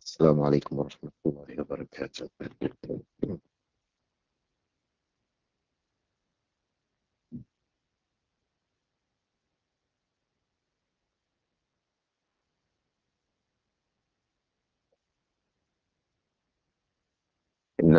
Assalamualaikum warahmatullahi wabarakatuh.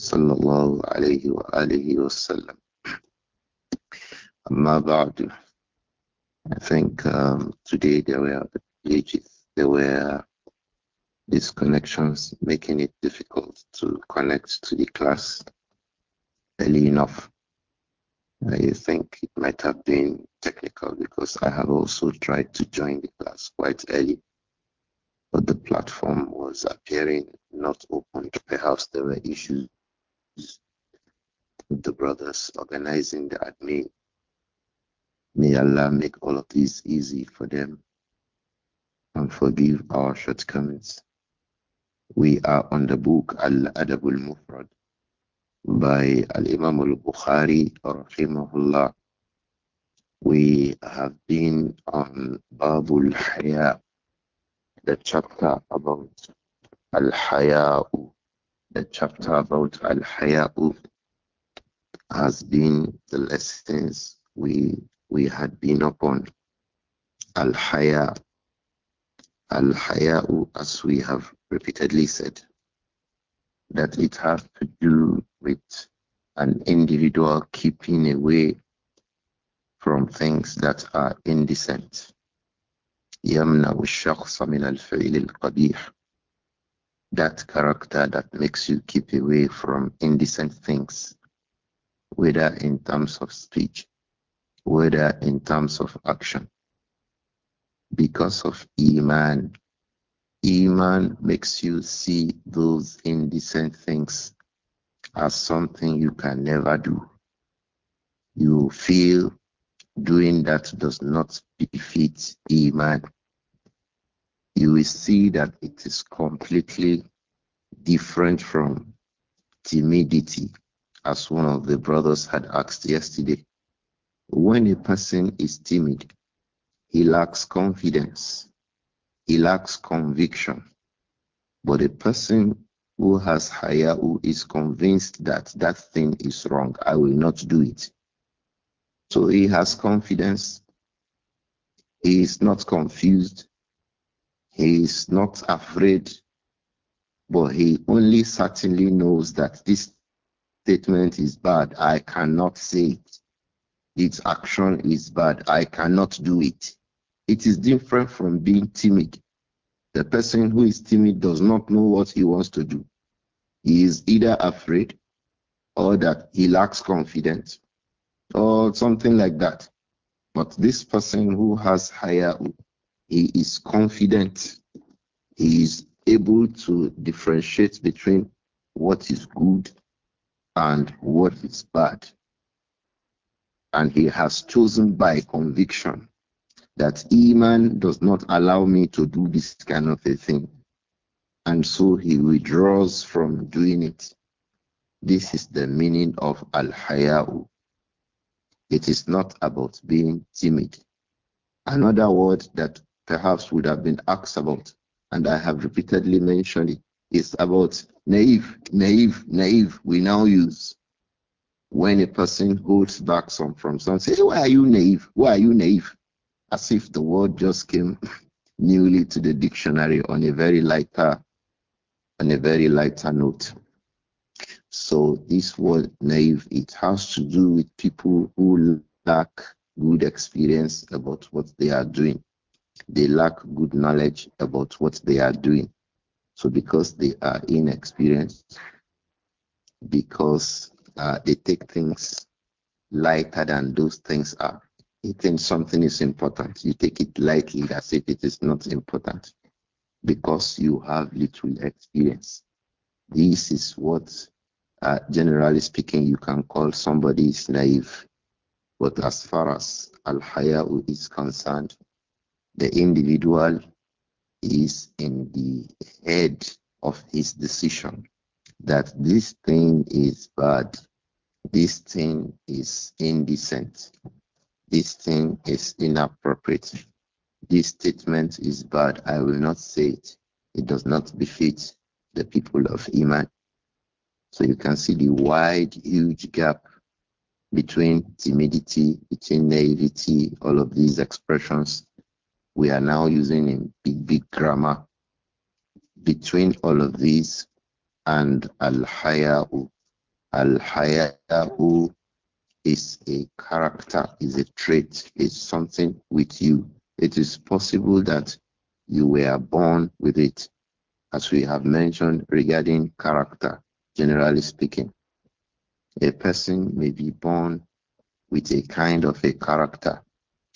sallallahu alayhi wa alihi wasallam. Amma ba'du. I think um, today there were glitches, there were disconnections making it difficult to connect to the class early enough. I think it might have been technical because I have also tried to join the class quite early, but the platform was appearing not open. Perhaps there were issues the brothers organizing the admin. May Allah make all of this easy for them and forgive our shortcomings. We are on the book Al Adabul Mufrad by Al Imam Al Bukhari, rahimahullah. We have been on Babul Haya, the chapter about Al Haya'u the chapter about Al Haya'u has been the lessons we we had been upon. Al Haya Al Haya'u as we have repeatedly said that it has to do with an individual keeping away from things that are indecent. يمنع الشخص من الفعل القبيح that character that makes you keep away from indecent things, whether in terms of speech, whether in terms of action. Because of Iman, Iman makes you see those indecent things as something you can never do. You feel doing that does not befit Iman you will see that it is completely different from timidity, as one of the brothers had asked yesterday. When a person is timid, he lacks confidence, he lacks conviction. But a person who has haya, who is convinced that that thing is wrong, I will not do it. So he has confidence, he is not confused, he is not afraid, but he only certainly knows that this statement is bad. I cannot say it. Its action is bad. I cannot do it. It is different from being timid. The person who is timid does not know what he wants to do. He is either afraid or that he lacks confidence or something like that. But this person who has higher he is confident. He is able to differentiate between what is good and what is bad. And he has chosen by conviction that Iman does not allow me to do this kind of a thing. And so he withdraws from doing it. This is the meaning of Al Hayau. It is not about being timid. Another word that perhaps would have been asked about, and I have repeatedly mentioned it, is about naive, naive, naive. We now use when a person holds back some from someone, say, Why are you naive? Why are you naive? As if the word just came newly to the dictionary on a very lighter on a very lighter note. So this word naive, it has to do with people who lack good experience about what they are doing. They lack good knowledge about what they are doing. So because they are inexperienced, because uh, they take things lighter than those things are. You think something is important, you take it lightly as if it is not important because you have little experience. This is what, uh, generally speaking, you can call somebody is naive. But as far as al hayau is concerned, the individual is in the head of his decision that this thing is bad, this thing is indecent, this thing is inappropriate, this statement is bad, I will not say it. It does not befit the people of Iman. So you can see the wide, huge gap between timidity, between naivety, all of these expressions we are now using in big, big grammar. Between all of these and al-haya'u, al-haya'u is a character, is a trait, is something with you. It is possible that you were born with it, as we have mentioned regarding character, generally speaking. A person may be born with a kind of a character,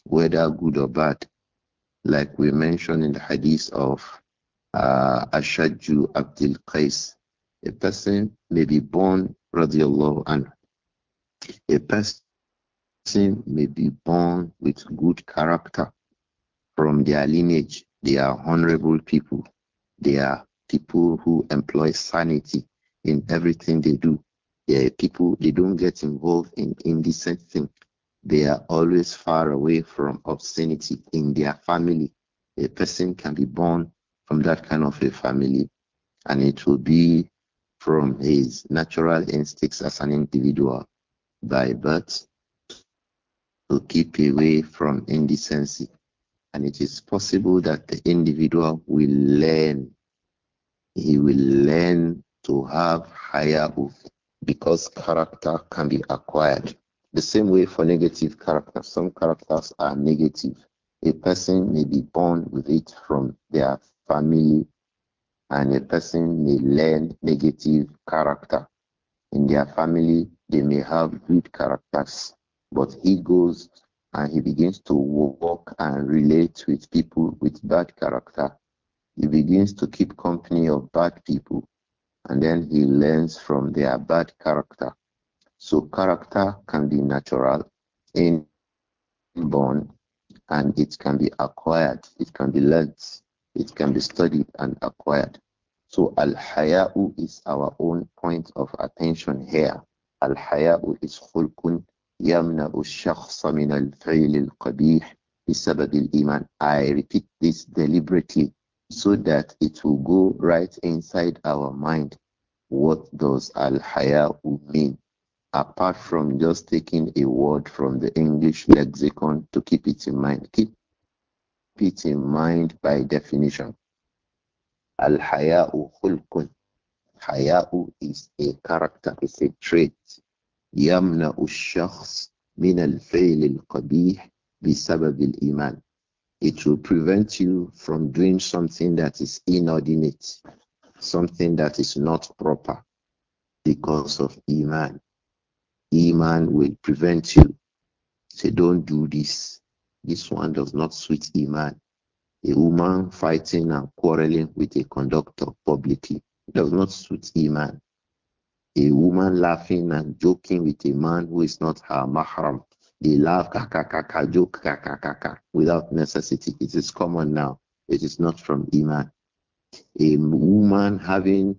whether good or bad like we mentioned in the hadith of uh, Ashadju Abdul Qais. A person may be born, radiallahu anhu. A person may be born with good character from their lineage. They are honorable people. They are people who employ sanity in everything they do. They are people, they don't get involved in indecent things. They are always far away from obscenity in their family. A person can be born from that kind of a family, and it will be from his natural instincts as an individual by birth to keep away from indecency. And it is possible that the individual will learn. He will learn to have higher oath because character can be acquired. The same way for negative characters. Some characters are negative. A person may be born with it from their family, and a person may learn negative character. In their family, they may have good characters, but he goes and he begins to walk and relate with people with bad character. He begins to keep company of bad people, and then he learns from their bad character. So character can be natural, inborn, and it can be acquired, it can be learnt, it can be studied and acquired. So al-haya'u is our own point of attention here. Al-haya'u is khulqun يمنع الشخص من الفعل القبيح al-iman. I repeat this deliberately so that it will go right inside our mind. What does al-haya'u mean? apart from just taking a word from the English lexicon to keep it in mind. Keep it in mind by definition. Al Haya'u khulqun. Haya'u is a character, it's a trait. يمنع الشخص من الفعل sabab al-iman. It will prevent you from doing something that is inordinate, something that is not proper because of Iman. Iman will prevent you. Say, don't do this. This one does not suit Iman. A woman fighting and quarreling with a conductor publicly does not suit Iman. A woman laughing and joking with a man who is not her mahram. They laugh, kakakaka, joke, kakakaka, without necessity. It is common now. It is not from Iman. A woman having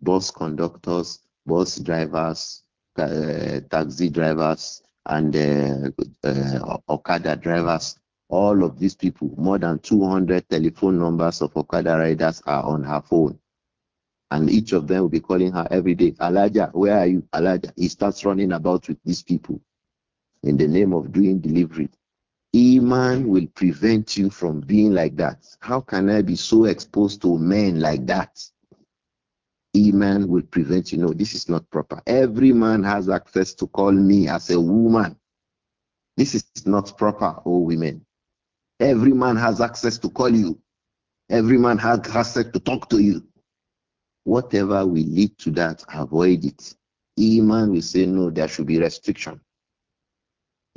bus conductors, bus drivers, uh, taxi drivers, and uh, uh, Okada drivers. All of these people, more than 200 telephone numbers of Okada riders are on her phone. And each of them will be calling her every day. Elijah, where are you? Elijah? He starts running about with these people in the name of doing delivery. Iman will prevent you from being like that. How can I be so exposed to men like that? Iman will prevent you. No, this is not proper. Every man has access to call me as a woman. This is not proper, oh women. Every man has access to call you. Every man has access to talk to you. Whatever will lead to that, avoid it. Iman will say, no, there should be restriction.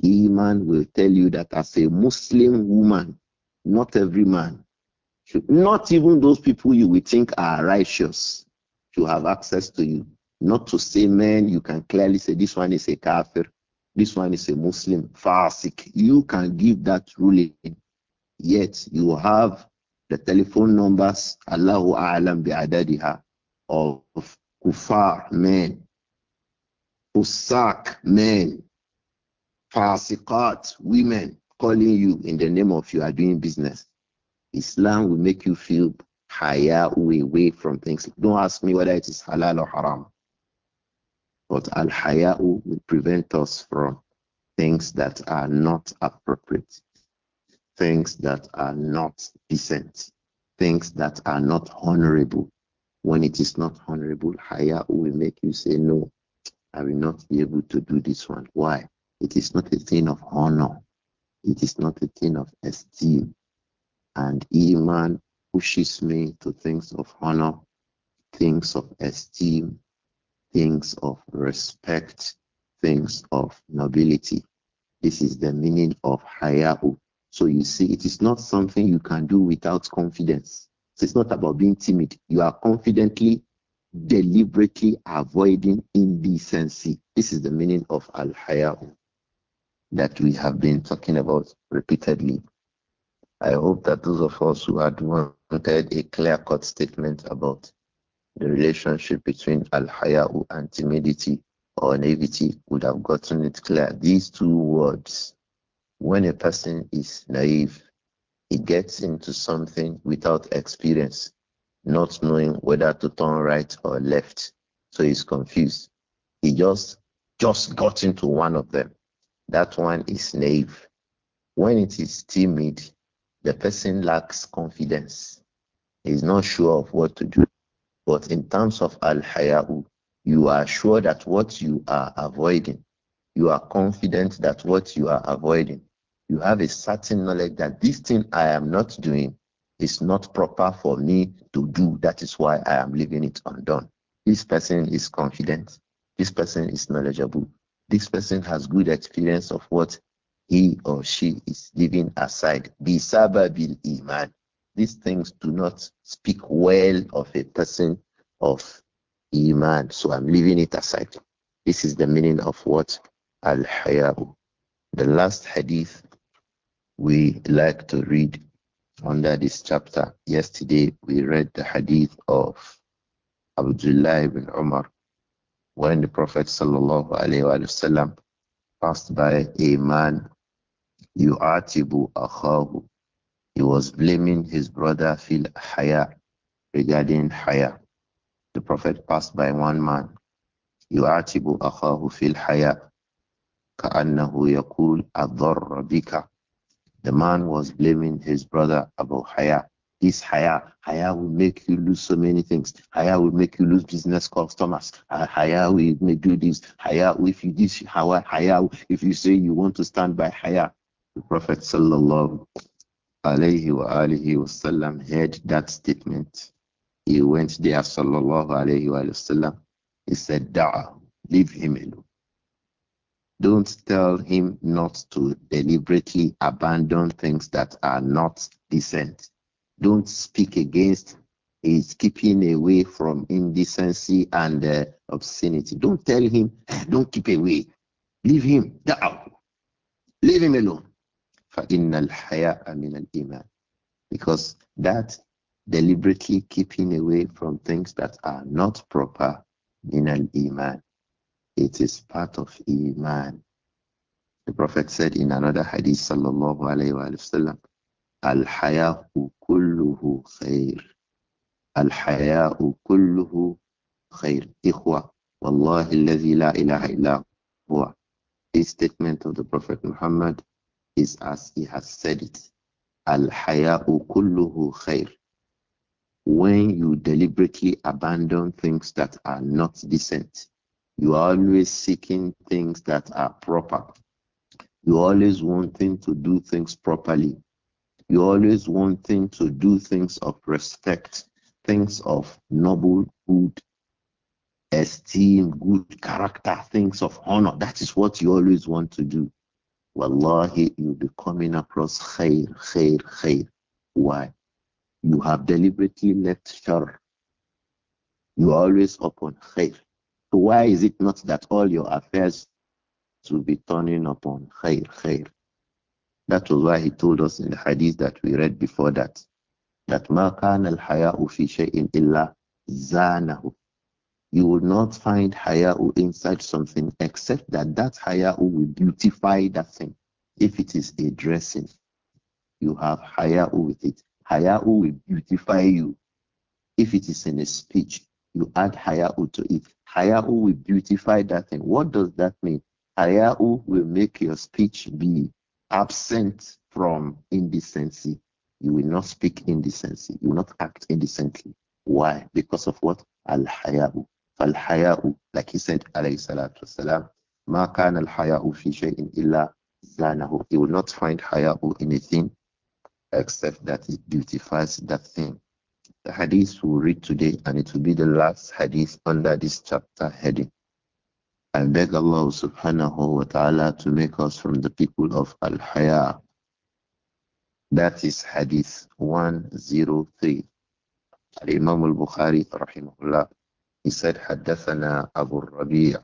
Iman will tell you that as a Muslim woman, not every man, should, not even those people you will think are righteous, to have access to you. Not to say, man, you can clearly say this one is a kafir, this one is a Muslim, fasik. You can give that ruling. Yet you have the telephone numbers, Allahu A'lam bi bi'adadiha, of kuffar men, fusak men, fasiqat women calling you in the name of you are doing business. Islam will make you feel haya away from things. Don't ask me whether it is halal or haram. But al haya will prevent us from things that are not appropriate, things that are not decent, things that are not honorable. When it is not honorable, haya will make you say, No, I will not be able to do this one. Why? It is not a thing of honor. It is not a thing of esteem. And Iman pushes me to things of honor, things of esteem, things of respect, things of nobility. This is the meaning of hayahu. So you see, it is not something you can do without confidence. So it's not about being timid. You are confidently, deliberately avoiding indecency. This is the meaning of al hayahu that we have been talking about repeatedly. I hope that those of us who are doing wanted a clear cut statement about the relationship between al hayau and timidity or naivety would have gotten it clear. These two words, when a person is naive, he gets into something without experience, not knowing whether to turn right or left. So he's confused. He just just got into one of them. That one is naive. When it is timid, the person lacks confidence. Is not sure of what to do. But in terms of al hayau, you are sure that what you are avoiding, you are confident that what you are avoiding, you have a certain knowledge that this thing I am not doing is not proper for me to do. That is why I am leaving it undone. This person is confident. This person is knowledgeable. This person has good experience of what he or she is leaving aside. Bisababil iman these things do not speak well of a person of Iman. So I'm leaving it aside. This is the meaning of what Al hayabu The last hadith we like to read under this chapter. Yesterday we read the hadith of Abdullah ibn Umar when the Prophet wasallam passed by a man yu'atibu akhahu he was blaming his brother Phil Haya regarding Haya. The Prophet passed by one man. يعاتب أخاه في الحياة كأنه يقول أضر بك The man was blaming his brother Abu Haya. This Haya, Haya will make you lose so many things. Haya will make you lose business customers. Haya will make do this. Haya, if you this, Haya, Haya, if you say you want to stand by Haya. The Prophet sallallahu alayhi wa alihi wasallam heard that statement, he went there sallallahu alayhi wa sallam. He said, Da'a, leave him alone. Don't tell him not to deliberately abandon things that are not decent. Don't speak against his keeping away from indecency and uh, obscenity. Don't tell him, eh, don't keep away. Leave him, Da'a. Leave him alone. فَإِنَّ الْحَيَاءَ مِنَ الْإِيمَانِ Because that deliberately keeping away from things that are not proper in al iman. It is part of iman. The Prophet said in another hadith, sallallahu alaihi wasallam, al haya kulluhu khair. Al haya kulluhu khair. Ikhwa, wallahi alladhi la ilaha illa This statement of the Prophet Muhammad is as he has said it. Al haya'u kulluhu khair. When you deliberately abandon things that are not decent, you are always seeking things that are proper. You always wanting to do things properly. You always wanting to do things of respect, things of noble, good, esteem, good character, things of honor. That is what you always want to do. Wallahi, you'll be coming across khair, khair, khair. Why? You have deliberately left shar. You are always upon khair. So why is it not that all your affairs will be turning upon khair, khair? That was why he told us in the hadith that we read before that, that ma kana al-haya'u fi shay'in illa zanahu you will not find haya'u inside something except that that haya'u will beautify that thing. If it is a dressing, you have haya'u with it. Haya'u will beautify you. If it is in a speech, you add haya'u to it. Haya'u will beautify that thing. What does that mean? Haya'u will make your speech be absent from indecency. You will not speak indecency. You will not act indecently. Why? Because of what? Al haya'u. Al-haya'u, like he said, alayhi salatu wasalam, ma kana al-haya'u fi shay'in illa zanahu. He will not find haya'u in thing except that it beautifies that thing. The hadith we'll read today, and it will be the last hadith under this chapter heading. I beg Allah subhanahu wa ta'ala to make us from the people of Al Haya. That is Hadith 103. Al Imam al Bukhari, rahimahullah, He said, Haddathana Abu Rabi'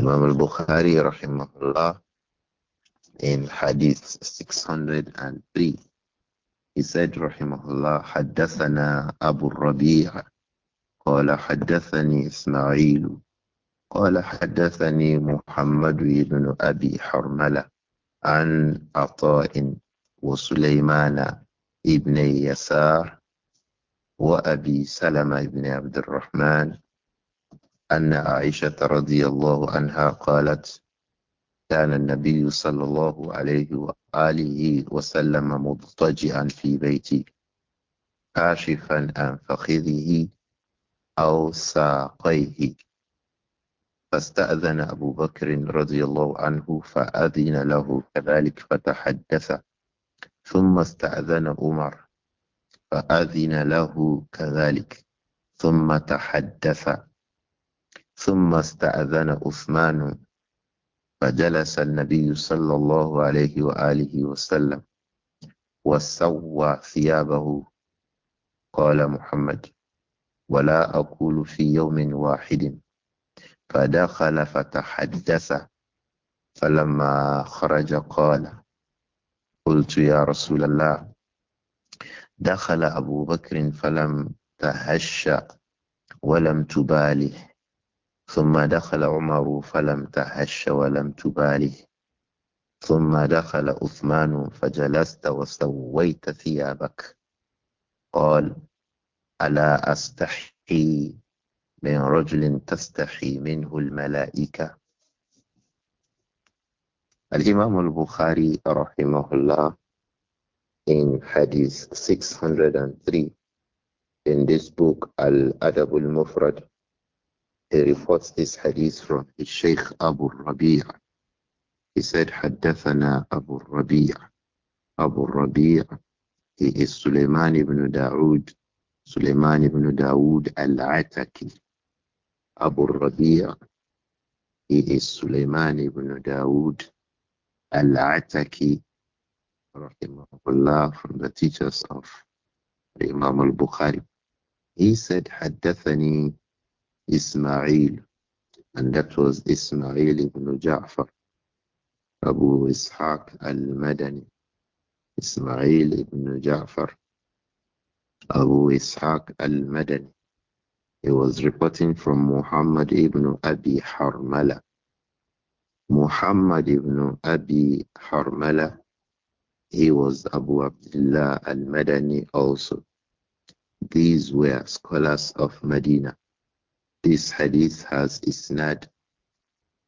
Imam al-Bukhari, rahimahullah, in Hadith 603. He said, rahimahullah, Haddathana Abu Rabi' قال حدثني إسماعيل قال حدثني محمد بن أبي حرملة عن عطاء وسليمان ابن يسار وأبي سلمة بن عبد الرحمن أن عائشة رضي الله عنها قالت كان النبي صلى الله عليه وآله وسلم مضطجئا في بيتي كاشفا عن فخذه أو ساقيه فاستأذن أبو بكر رضي الله عنه فأذن له كذلك فتحدث ثم استأذن عمر فأذن له كذلك ثم تحدث ثم استأذن عثمان فجلس النبي صلى الله عليه وآله وسلم وسوى ثيابه قال محمد ولا أقول في يوم واحد فدخل فتحدث فلما خرج قال قلت يا رسول الله دخل أبو بكر فلم تهشأ ولم تباله ثم دخل عمر فلم تهش ولم تباله ثم دخل عثمان فجلست وسويت ثيابك قال ألا أستحي من رجل تستحي منه الملائكة الإمام البخاري رحمه الله in Hadith 603 in this book, Al Adabul Mufrad. He reports this hadith from his Sheikh Abu Rabi'a. He said, Haddathana Abu Rabi'a. Abu Rabi'a. He is Sulaiman ibn Dawood. Sulaiman ibn Dawood al-Ataki. Abu Rabi'a. He is Sulaiman ibn Dawood al-Ataki rahimahullah, from the teachers of Imam al-Bukhari. He said, حدثني Ismail, and that was Ismail ibn Ja'far, Abu Ishaq al-Madani. Ismail ibn Ja'far, Abu Ishaq al-Madani. He was reporting from Muhammad ibn Abi Harmala. Muhammad ibn Abi Harmala he was Abu Abdullah al Madani also. These were scholars of Medina. This hadith has isnad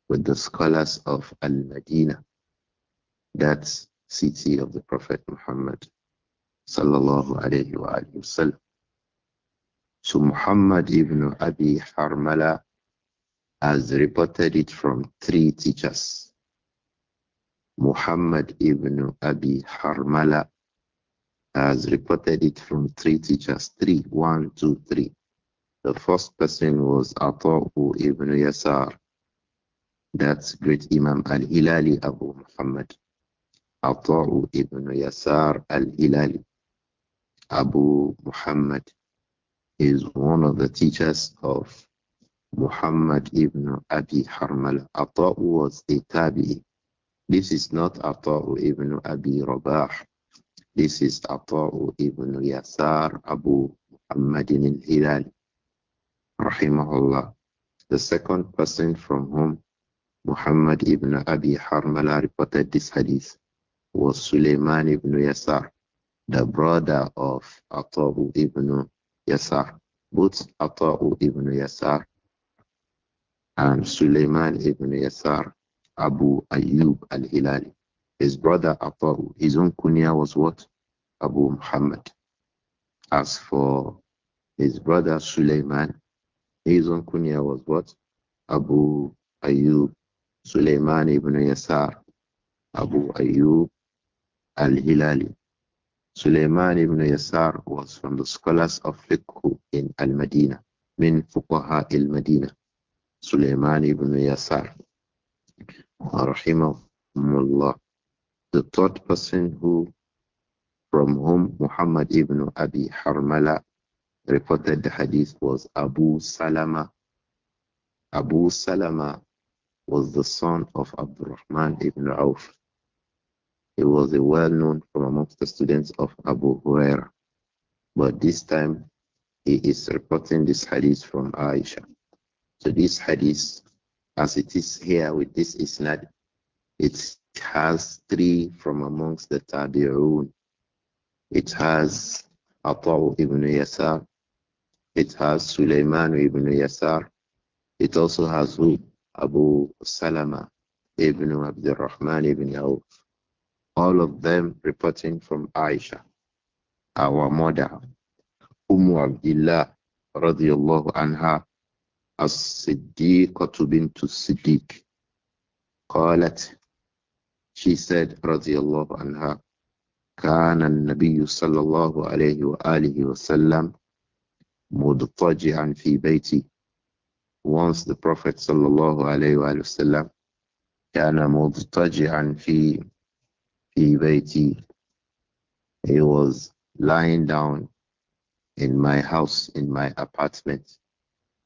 with the scholars of Al Madina, that city of the Prophet Muhammad. Sallallahu alayhi wa sallam. So Muhammad ibn Abi Harmala has reported it from three teachers. Muhammad ibn Abi Harmala has reported it from three teachers. Three, one, two, three. The first person was Ata'u ibn Yasar. That's great Imam al-Hilali Abu Muhammad. Ata'u ibn Yasar al-Hilali. Abu Muhammad is one of the teachers of Muhammad ibn Abi Harmala. Ata'u was a tabi'i this is not Ata'u ibn Abi Rabah. This is Ata'u ibn Yasar Abu Muhammad al hilal Rahimahullah. The second person from whom Muhammad ibn Abi Harmala reported this hadith was Sulaiman ibn Yasar, the brother of Ata'u ibn Yasar. Both Ata'u ibn Yasar and Sulaiman ibn Yasar Abu Ayyub al-Hilali. His brother Abu, his own kunya was what? Abu Muhammad. As for his brother Suleiman, his own kunya was what? Abu Ayyub Suleiman ibn Yasar. Abu Ayyub al-Hilali. Suleiman ibn Yasar was from the scholars of fiqh in Al-Madinah, min fuqaha al-Madinah. Suleiman ibn Yasar rahimahumullah, the third person who from whom Muhammad ibn Abi Harmala reported the hadith was Abu Salama. Abu Salama was the son of Abdurrahman ibn Auf. He was a well known from amongst the students of Abu Huraira. But this time he is reporting this hadith from Aisha. So this hadith as it is here with this isnad, it has three from amongst the tabi'un. It has Atal ibn Yasar, it has Sulaiman ibn Yasar, it also has Abu Salama ibn Abdul Rahman ibn Auf. All of them reporting from Aisha, our mother, Umm Abdullah radiallahu anha, as-Siddiqatubin to Siddiq. Qalat, she said, radiallahu anha, Kana al-Nabiyyu alayhi wa alihi wa bayti. Once the Prophet sallallahu alayhi wa sallam, Kana mudtaji'an fi, fi bayti. He was lying down in my house, in my apartment.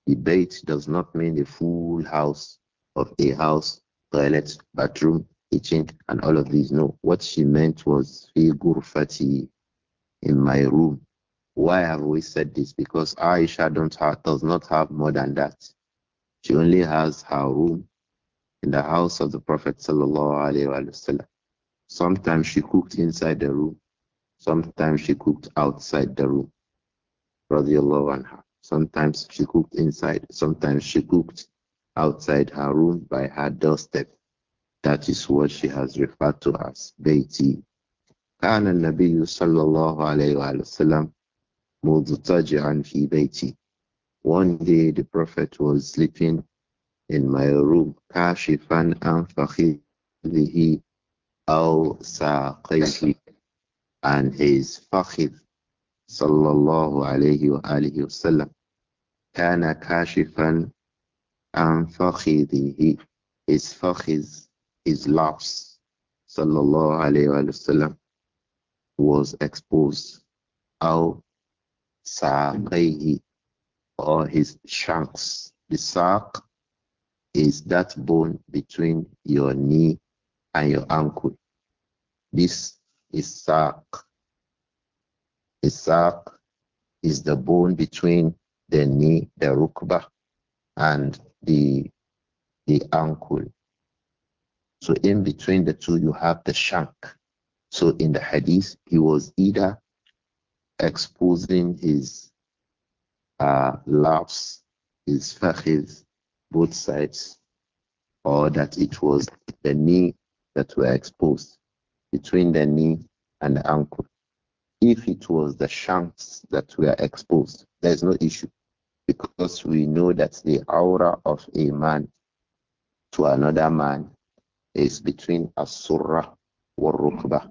The does not mean the full house of a house, toilet, bathroom, kitchen, and all of these. No, what she meant was figurfati in my room. Why have we said this? Because Aisha don't have, does not have more than that. She only has her room in the house of the Prophet wasallam. Sometimes she cooked inside the room. Sometimes she cooked outside the room. Radiallahu anha. Sometimes she cooked inside, sometimes she cooked outside her room by her doorstep. That is what she has referred to as Beiti. كان النبي صلى الله عليه وسلم مضطجعا في بيتي. One day the Prophet was sleeping in my room, كاشفا عن فخذه أو ساقيه and his fakhid sallallahu alayhi wa alihi wasallam كان كاشفا عن فخذه his fakhiz, his loss sallallahu alayhi wasallam was exposed أو ساقيه or his shanks the saq is that bone between your knee and your ankle this is saq Isaac is the bone between the knee, the rukbah, and the the ankle. So in between the two, you have the shank. So in the hadith, he was either exposing his uh, laps, his fakhid, both sides, or that it was the knee that were exposed between the knee and the ankle. If it was the shanks that were exposed, there's no issue because we know that the aura of a man to another man is between as or wal-rukba,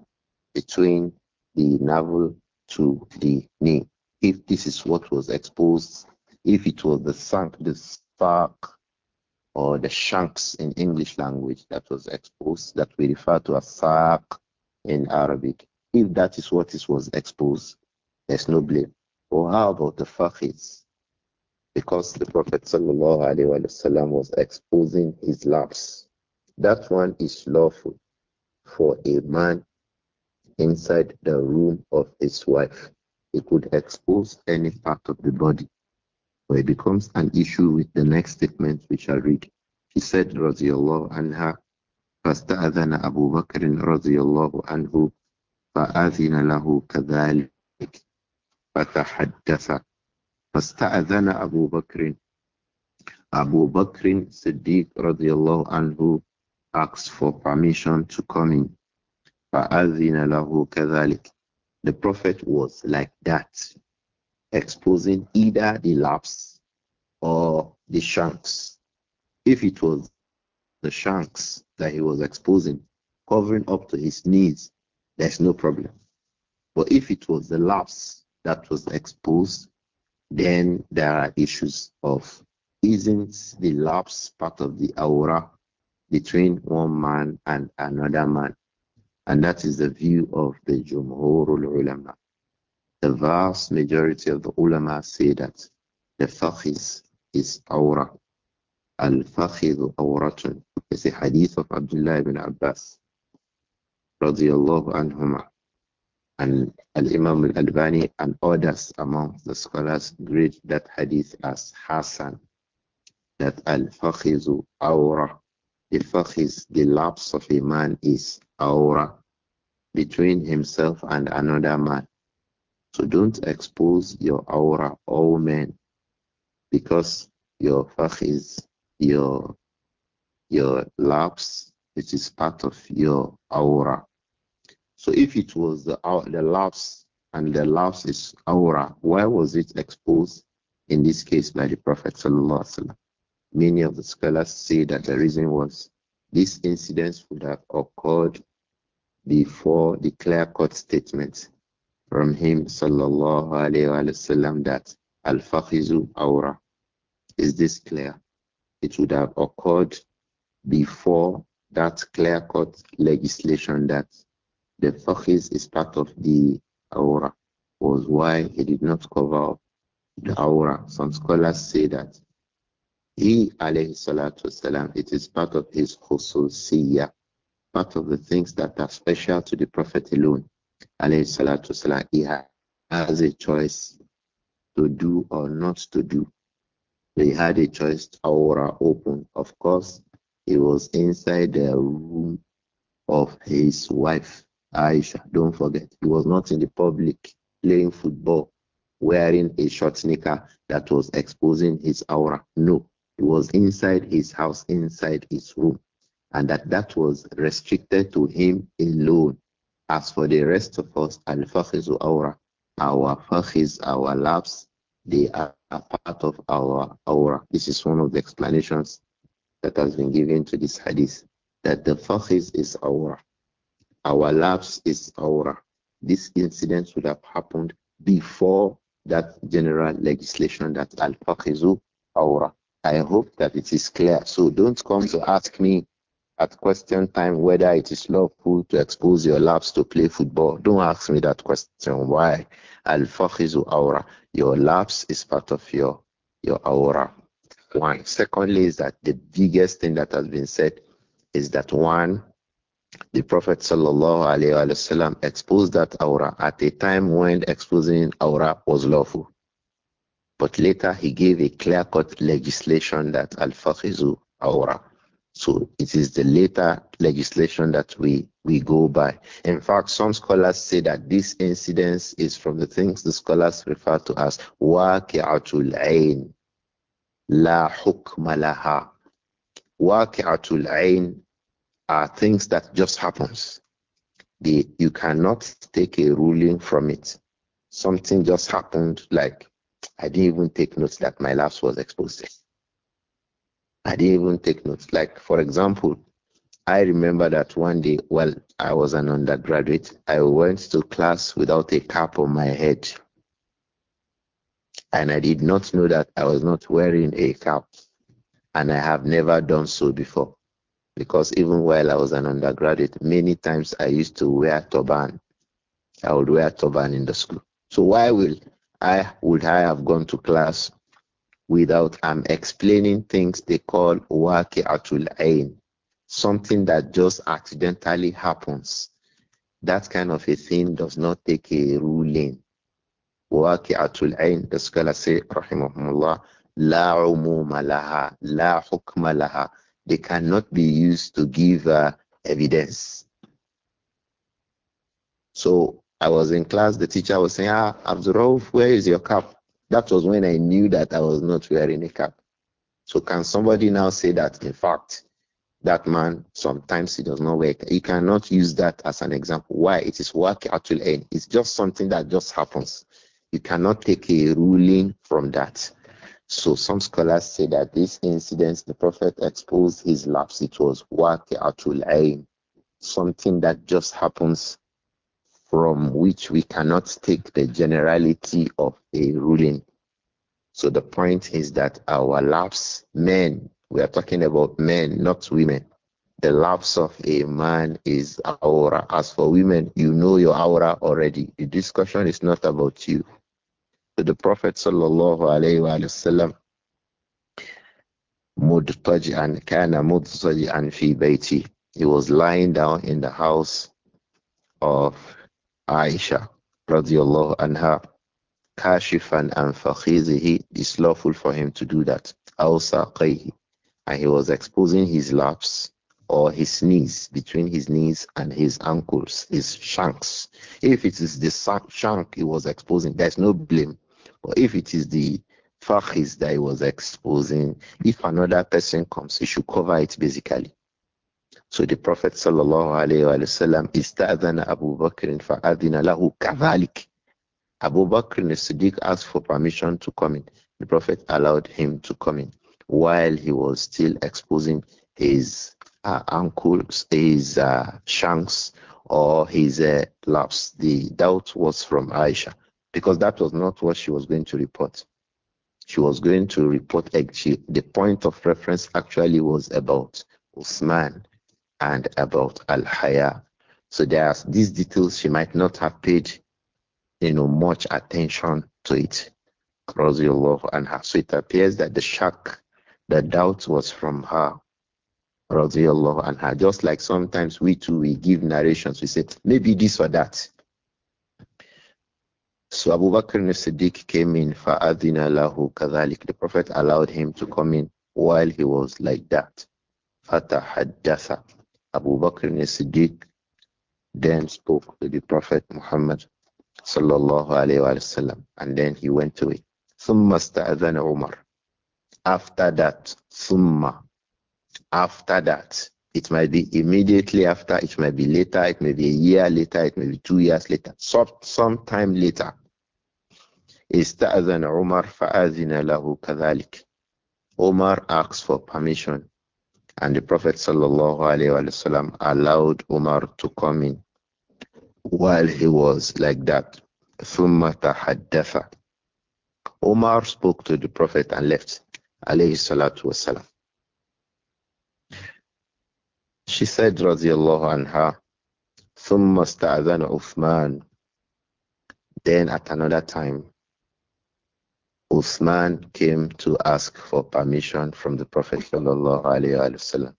between the navel to the knee. If this is what was exposed, if it was the sank, the spark, or the shanks in English language that was exposed, that we refer to as sark in Arabic. If that is what is was exposed, there's no blame. Or how about the fakhis? because the Prophet وسلم, was exposing his lapse. That one is lawful for a man inside the room of his wife. He could expose any part of the body. But it becomes an issue with the next statement which I read. He said, Radiallahu anha, فاستأذن أبو بكر رضي الله عنه فأذن له كذلك فتحدث فاستأذن أبو بكر Abu Bakr Siddiq radiallahu anhu asked for permission to come in. فَأَذِنَ لَهُ كَذَلِكَ The Prophet was like that, exposing either the laps or the shanks. If it was the shanks that he was exposing, covering up to his knees, there's no problem. But if it was the laps that was exposed, then there are issues of isn't the lapse part of the aura between one man and another man. And that is the view of the Jumhurul Ulama. The vast majority of the ulama say that the fakhiz is aura. Al fakhiz auratun. is a hadith of Abdullah ibn Abbas. الله عنهما and Al-Imam al-Albani and others among the scholars grade that hadith as Hassan, that al-fakhizu aura, The fakhiz, the lapse of a man is aura between himself and another man. So don't expose your aura, all men, because your fakhiz, your your lapse, which is part of your aura, so if it was the, the and the laughs is aura, why was it exposed in this case by the Prophet? Many of the scholars say that the reason was these incidents would have occurred before the clear cut statement from him sallallahu alayhi wasallam, that al fakhizu aura. Is this clear? It would have occurred before that clear cut legislation that the fakhiz is part of the aura, was why he did not cover up the aura. Some scholars say that he, alayhi salatu wasalam, it is part of his khususiyya, part of the things that are special to the Prophet alone, alayhi salatu wasalam. He has a choice to do or not to do. He had a choice, aura open. Of course, he was inside the room of his wife, Aisha, don't forget, he was not in the public playing football, wearing a short sneaker that was exposing his aura. No, he was inside his house, inside his room, and that that was restricted to him alone. As for the rest of us, al-fakhizu aura, our fakhiz, our laps, they are part of our aura. This is one of the explanations that has been given to this hadith, that the fakhiz is aura our laps is aura. This incident would have happened before that general legislation that al fakhizu aura. I hope that it is clear. So don't come to ask me at question time whether it is lawful to expose your laps to play football. Don't ask me that question. Why? Al fakhizu aura. Your laps is part of your your aura. One. Secondly, is that the biggest thing that has been said is that one the Prophet وسلم, exposed that aura at a time when exposing aura was lawful. But later he gave a clear cut legislation that al fakhizu aura. So it is the later legislation that we, we go by. In fact, some scholars say that this incidence is from the things the scholars refer to as waqi'atul ain, la hukma laha. Waqi'atul ain are things that just happens. The, you cannot take a ruling from it. Something just happened, like I didn't even take notes that my last was exposed. I didn't even take notes. Like, for example, I remember that one day while I was an undergraduate, I went to class without a cap on my head. And I did not know that I was not wearing a cap. And I have never done so before. Because even while I was an undergraduate, many times I used to wear turban. I would wear turban in the school. So why will I would I have gone to class without I'm explaining things they call waki atul ain, something that just accidentally happens. That kind of a thing does not take a ruling. Waki atul ain, the scholar say, rahimahumullah, la umuma laha, la hukma laha they cannot be used to give uh, evidence. So I was in class, the teacher was saying, Ah, Abdurov, where is your cap? That was when I knew that I was not wearing a cap. So can somebody now say that, in fact, that man sometimes he does not work. He cannot use that as an example. Why? It is work actually? end. It's just something that just happens. You cannot take a ruling from that. So some scholars say that this incident, the Prophet exposed his lapse. It was waqi'atul ayn, something that just happens from which we cannot take the generality of a ruling. So the point is that our lapse, men, we are talking about men, not women. The lapse of a man is aura. As for women, you know your aura already. The discussion is not about you to the Prophet sallallahu alaihi wasallam mudtaji'an kana mudtaji'an fi bayti he was lying down in the house of Aisha radiyallahu anha kashifan an fakhizihi it's lawful for him to do that awsaqayhi and he was exposing his laps or his knees between his knees and his ankles his shanks if it is the shank he was exposing there's no blame but if it is the fakhis that he was exposing, if another person comes, he should cover it basically. So the Prophet sallallahu alayhi wa sallam istadhana Abu Bakr fa'adhina lahu kavalik. Abu Bakr al-Siddiq asked for permission to come in. The Prophet allowed him to come in while he was still exposing his uh, ankles, his uh, shanks, or his uh, laps. The doubt was from Aisha because that was not what she was going to report. She was going to report, she, the point of reference actually was about Usman and about Al Haya. So there's these details she might not have paid, you know, much attention to it. and her. So it appears that the shock, the doubt was from her. and her. Just like sometimes we too, we give narrations, we say, maybe this or that so Abu Bakr al-Siddiq came in, for fa'adina lahu Kadalik. The Prophet allowed him to come in while he was like that. Fatahaddatha. Abu Bakr al-Siddiq then spoke to the Prophet Muhammad sallallahu alayhi wa sallam and then he went away. Thumma sta'adhana Umar. After that, thumma. After that, it might be immediately after, it might be later, it may be a year later, it may be two years later, some, time later. استأذن عمر فأذن له كذلك Omar asked for permission and the Prophet وسلم, allowed Omar to come in while he was like that. ثم تحدث Omar spoke to the Prophet and left عليه الصلاة والسلام She said رضي الله عنها ثم استأذن عثمان Then at another time Uthman came to ask for permission from the Prophet sallallahu alayhi wa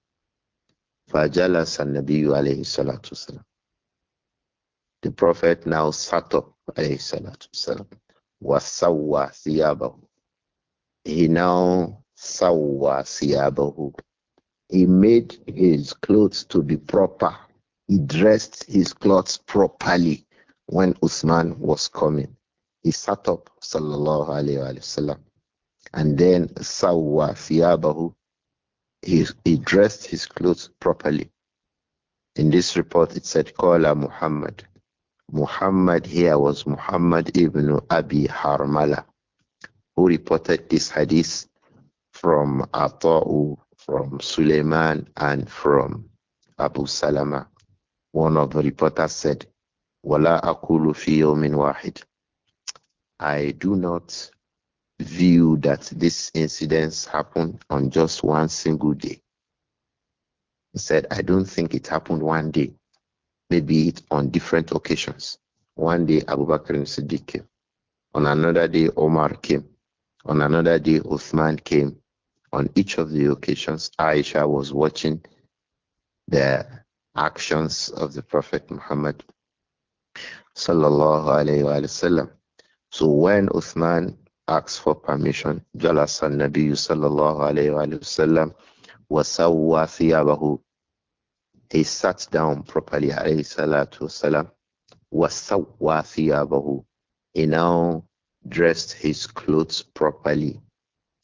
sallam. The Prophet now sat up alayhi salatu He now سَوَّى ثِيَابَهُ He made his clothes to be proper. He dressed his clothes properly when Uthman was coming. He sat up, sallallahu alayhi wasallam, wa and then sawwa fiyabahu. He, he dressed his clothes properly. In this report, it said, Qala Muhammad. Muhammad here was Muhammad ibn Abi Harmala, who reported this hadith from Ata'u, from Suleiman, and from Abu Salama. One of the reporters said, "Wala akulu fi يَوْمٍ waheed." I do not view that this incident happened on just one single day. He said, I don't think it happened one day, maybe it on different occasions. One day Abu Bakr Siddiq came, on another day Omar came, on another day Uthman came. On each of the occasions, Aisha was watching the actions of the Prophet Muhammad sallallahu alaihi wasallam. So when Uthman asked for permission, Jalasa Nabi sallallahu alayhi wa sallam wasawwa thiyabahu. He sat down properly alayhi salatu wasalam. Wasawwa thiyabahu. He now dressed his clothes properly.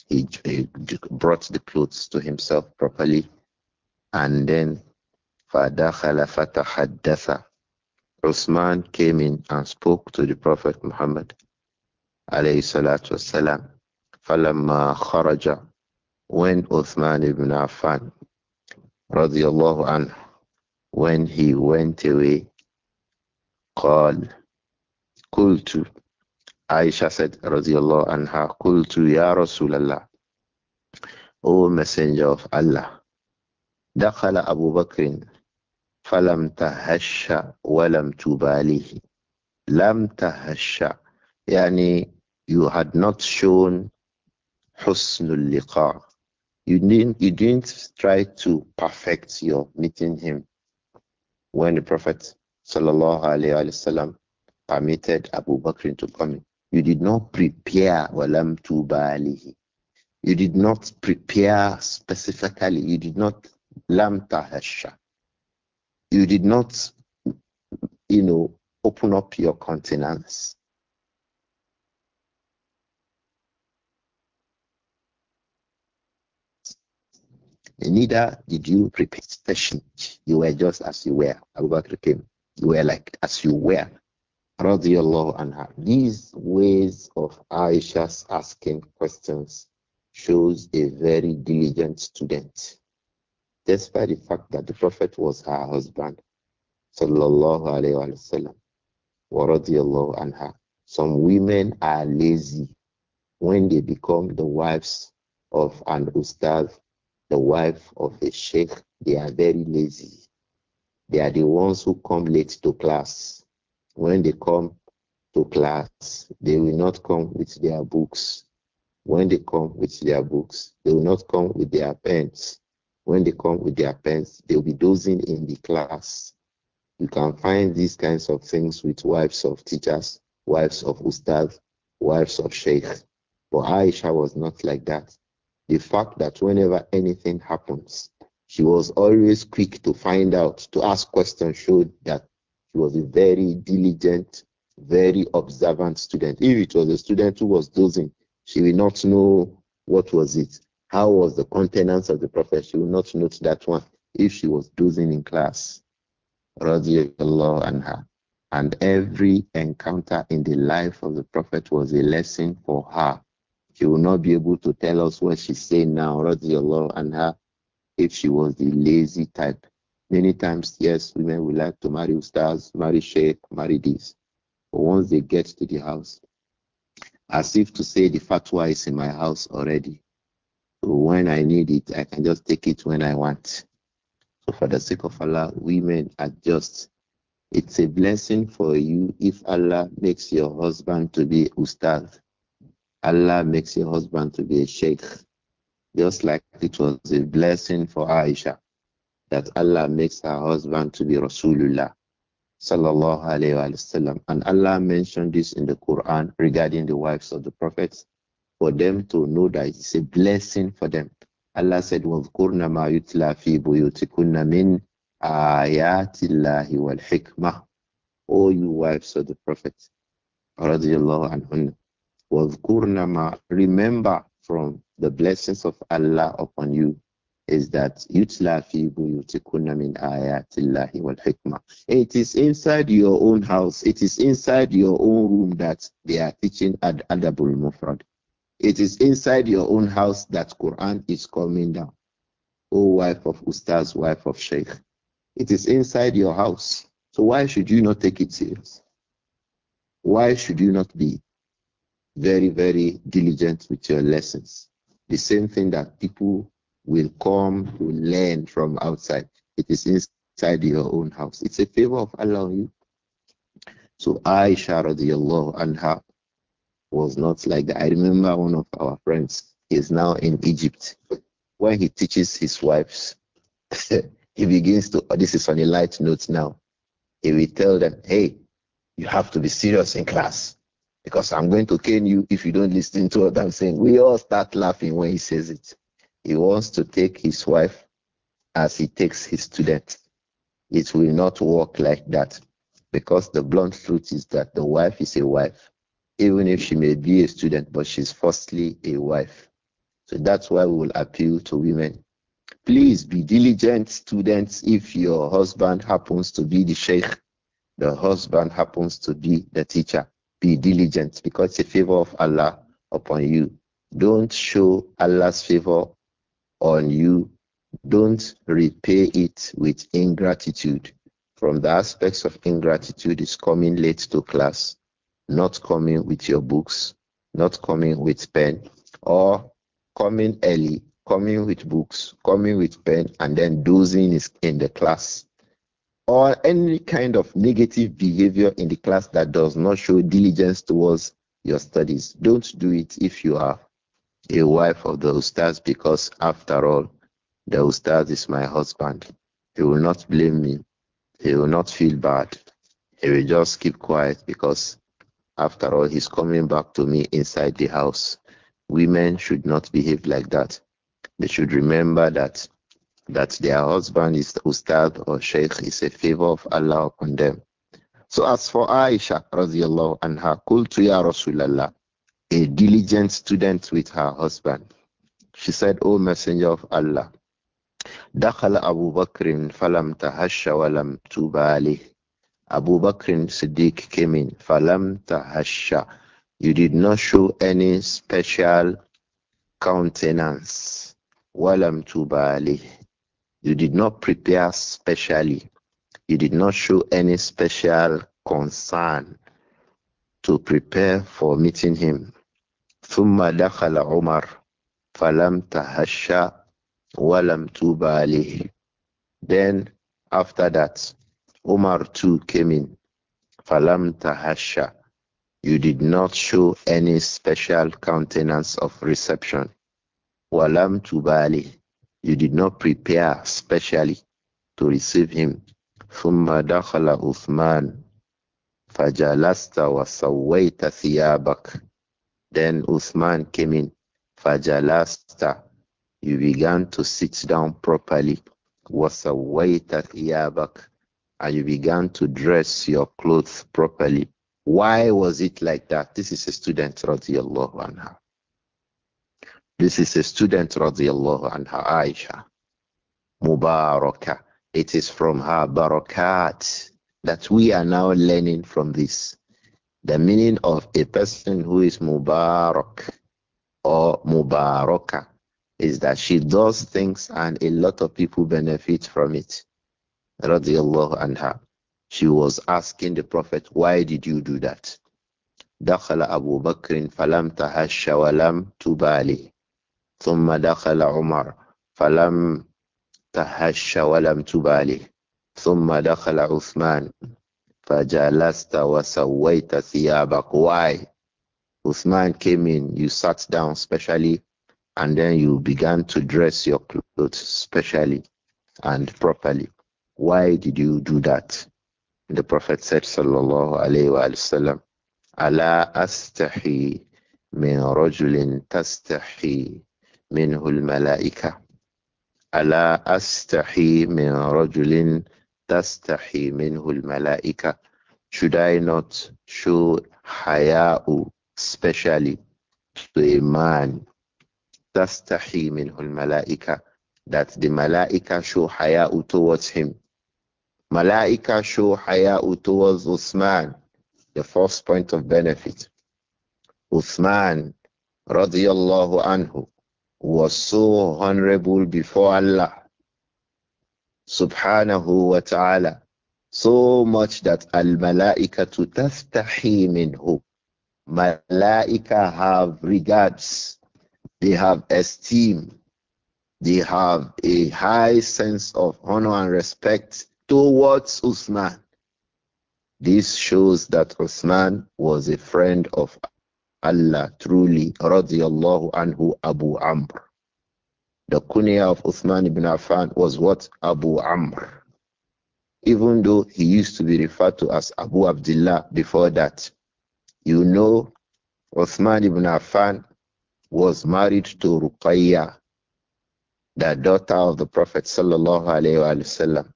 He, he brought the clothes to himself properly. And then فَدَخَلَ فَتَحَدَّثَ Usman came in and spoke to the Prophet Muhammad عليه الصلاة والسلام. فلما خرج when Uthman ibn Affan, رضي الله عنه when he went away, قال قلت Aisha said رضي الله عنها قلت يا رسول الله O Messenger of Allah دخل أبو بكر فلم تهش ولم تباليه لم تهش يعني you had not shown husnul liqa. You didn't, you didn't try to perfect your meeting him. When the Prophet sallallahu alaihi wasallam permitted Abu Bakr to come in, you did not prepare walam tu baalihi. You did not prepare specifically. You did not lam tahasha. You did not, you know, open up your countenance Neither did you prepare the You were just as you were. Abu Bakr came. You were like as you were. Radiallahu anha. These ways of Aisha's asking questions shows a very diligent student. Despite the fact that the Prophet was her husband, sallallahu alayhi wa sallam, radiallahu anha. Some women are lazy when they become the wives of an ustadh the wife of a sheikh, they are very lazy. They are the ones who come late to class. When they come to class, they will not come with their books. When they come with their books, they will not come with their pens. When they come with their pens, they'll be dozing in the class. You can find these kinds of things with wives of teachers, wives of ustad, wives of sheikh. But Aisha was not like that the fact that whenever anything happens, she was always quick to find out, to ask questions, showed that she was a very diligent, very observant student. If it was a student who was dozing, she would not know what was it. How was the countenance of the prophet? She would not note that one if she was dozing in class. and her, And every encounter in the life of the prophet was a lesson for her she will not be able to tell us what she's saying now, Allah, and her. if she was the lazy type. Many times, yes, women will like to marry stars, marry sheikh, marry this. But once they get to the house, as if to say the fatwa is in my house already. So when I need it, I can just take it when I want. So for the sake of Allah, women are just. It's a blessing for you if Allah makes your husband to be ustad. Allah makes your husband to be a sheikh, just like it was a blessing for Aisha that Allah makes her husband to be Rasulullah sallallahu alayhi wasallam. and Allah mentioned this in the Quran regarding the wives of the prophets, for them to know that it's a blessing for them. Allah said, وَذْكُرْنَ مَا يُتْلَى فِي بُيُوتِكُنَّ مِنْ آيَاتِ اللَّهِ وَالْحِكْمَةِ O you wives of the prophets, رضي الله وَذْكُرْنَمَا Remember from the blessings of Allah upon you is that يُتْلَى فِي بُيُوتِكُنَّ مِنْ ayatillahi اللَّهِ It is inside your own house, it is inside your own room that they are teaching at Adabul Mufrad. It is inside your own house that Quran is coming down. O wife of Ustaz, wife of Sheikh. It is inside your house. So why should you not take it serious? Why should you not be very, very diligent with your lessons. The same thing that people will come to learn from outside. It is inside your own house. It's a favor of Allah I you. So Aisha radiallahu anha was not like that. I remember one of our friends is now in Egypt. When he teaches his wives, he begins to, this is on a light note now. He will tell them, hey, you have to be serious in class because I'm going to cane you if you don't listen to what I'm saying. We all start laughing when he says it. He wants to take his wife as he takes his student. It will not work like that because the blunt truth is that the wife is a wife, even if she may be a student, but she's firstly a wife. So that's why we will appeal to women. Please be diligent, students, if your husband happens to be the sheikh, the husband happens to be the teacher be diligent because a favor of Allah upon you. Don't show Allah's favor on you. Don't repay it with ingratitude. From the aspects of ingratitude is coming late to class, not coming with your books, not coming with pen, or coming early, coming with books, coming with pen, and then dozing is in the class or any kind of negative behavior in the class that does not show diligence towards your studies. Don't do it if you are a wife of the Ustaz, because after all, the Ustaz is my husband. He will not blame me. He will not feel bad. He will just keep quiet because after all, he's coming back to me inside the house. Women should not behave like that. They should remember that that their husband is ustad or sheikh is a favor of Allah upon them. So as for Aisha and her kultu ya Rasulallah, a diligent student with her husband. She said, O Messenger of Allah, دخل أبو بكر فلم تهش ولم تبالي Abu Bakr Siddiq came in. Falam tahasha. You did not show any special countenance. Walam tubali. You did not prepare specially. You did not show any special concern to prepare for meeting him. ثم دخل عمر فلم تهشى ولم توب عليه. Then after that, Umar too came in. You did not show any special countenance of reception. Walam tubali. You did not prepare specially to receive him. ثم دخل عثمان فجلست وسويت ثيابك Then Uthman came in. فجلست You began to sit down properly. وسويت ثيابك And you began to dress your clothes properly. Why was it like that? This is a student, radiallahu anha. This is a student, radiallahu anha, Aisha. Mubarakah. It is from her barakat that we are now learning from this. The meaning of a person who is Mubarak or Mubaraka is that she does things and a lot of people benefit from it. Radiallahu anha. She was asking the Prophet, why did you do that? دخل أبو بكر فلم تهش ولم تبالي ثم دخل عمر فلم تهش ولم تبالي ثم دخل عثمان فجلست وسويت ثيابك why Uthman came in you sat down specially and then you began to dress your clothes specially and properly why did you do that the prophet said sallallahu alayhi wa sallam ala astahi min rajulin tastahi منه الملائكة ألا أستحي من رجل تستحي منه الملائكة Should I not show حياء especially to a man تستحي منه الملائكة that the ملائكة show حياء towards him ملائكة show حياء towards Uthman the first point of benefit Uthman رضي الله عنه was so honorable before Allah subhanahu wa ta'ala so much that al malaika to tastahi minhu malaika have regards they have esteem they have a high sense of honor and respect towards Usman this shows that Usman was a friend of Allah truly radiallahu anhu Abu Amr. The kunya of Uthman ibn Affan was what? Abu Amr. Even though he used to be referred to as Abu Abdullah before that, you know, Uthman ibn Affan was married to Ruqayya, the daughter of the Prophet sallallahu alaihi wasallam.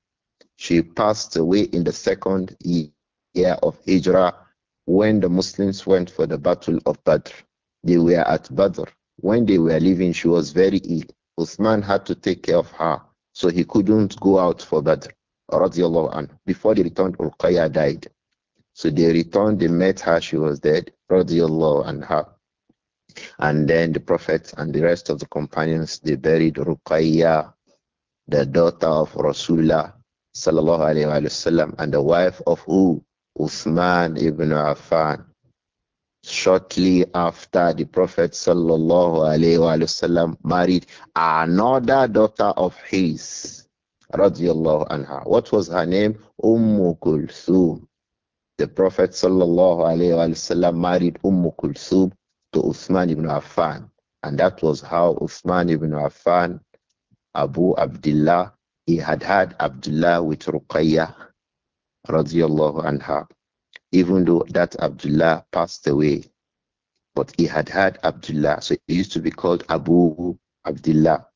She passed away in the second year of Hijrah when the Muslims went for the battle of Badr. They were at Badr. When they were leaving, she was very ill. Uthman had to take care of her, so he couldn't go out for Badr. Anhu. Before they returned, Ruqayya died. So they returned, they met her, she was dead. and her. And then the Prophet and the rest of the companions, they buried Ruqayya, the daughter of Rasulullah sallallahu alayhi wa and the wife of who? Uthman ibn Affan. Shortly after the Prophet wasallam married another daughter of his, radiallahu anha. What was her name? Umm Kulthum. The Prophet وسلم, married Umm Kulthum to Uthman ibn Affan. And that was how Uthman ibn Affan, Abu Abdullah, he had had Abdullah with Ruqayyah radiallahu anha, even though that Abdullah passed away, but he had had Abdullah, so he used to be called Abu Abdullah,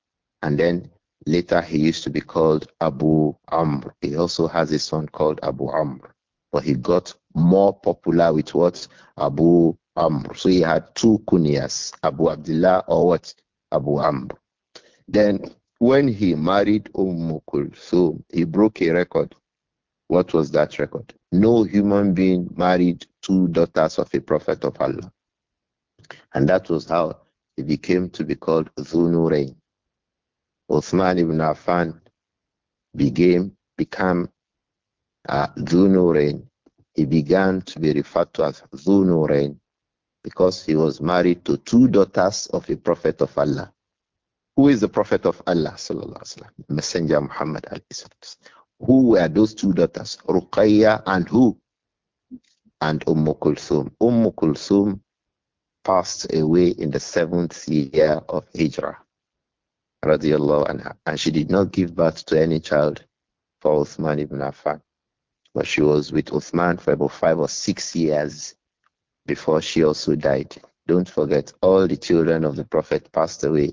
and then later he used to be called Abu Amr. He also has a son called Abu Amr, but he got more popular with what Abu Amr. So he had two kunyas, Abu Abdullah or what Abu Amr. Then when he married Umm Kulthum, he broke a record. What was that record? No human being married two daughters of a prophet of Allah. And that was how he became to be called Zunurain. Uthman ibn Affan became, became uh, Zunurain. He began to be referred to as Zunurain because he was married to two daughters of a prophet of Allah. Who is the prophet of Allah? Messenger Muhammad. Who were those two daughters? Ruqayya and who? And Umm Kulthum. Umm passed away in the seventh year of Hijrah, radiallahu anha. And she did not give birth to any child for Uthman ibn Affan. But she was with Uthman for about five or six years before she also died. Don't forget, all the children of the Prophet passed away,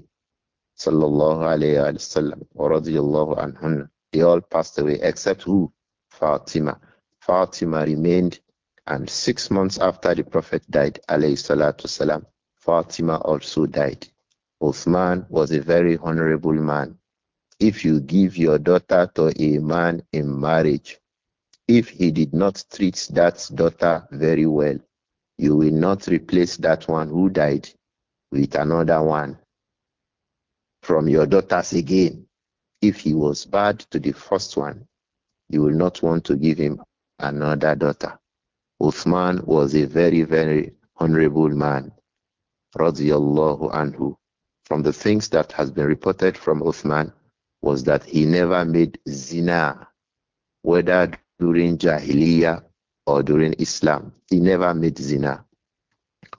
sallallahu alayhi wa sallam, radiallahu anhunna. They all passed away except who? Fatima. Fatima remained, and six months after the Prophet died, والسلام, Fatima also died. Uthman was a very honorable man. If you give your daughter to a man in marriage, if he did not treat that daughter very well, you will not replace that one who died with another one from your daughters again. If he was bad to the first one, you will not want to give him another daughter. Uthman was a very, very honorable man. Radiallahu anhu. From the things that has been reported from Uthman was that he never made zina, whether during Jahiliyyah or during Islam. He never made zina.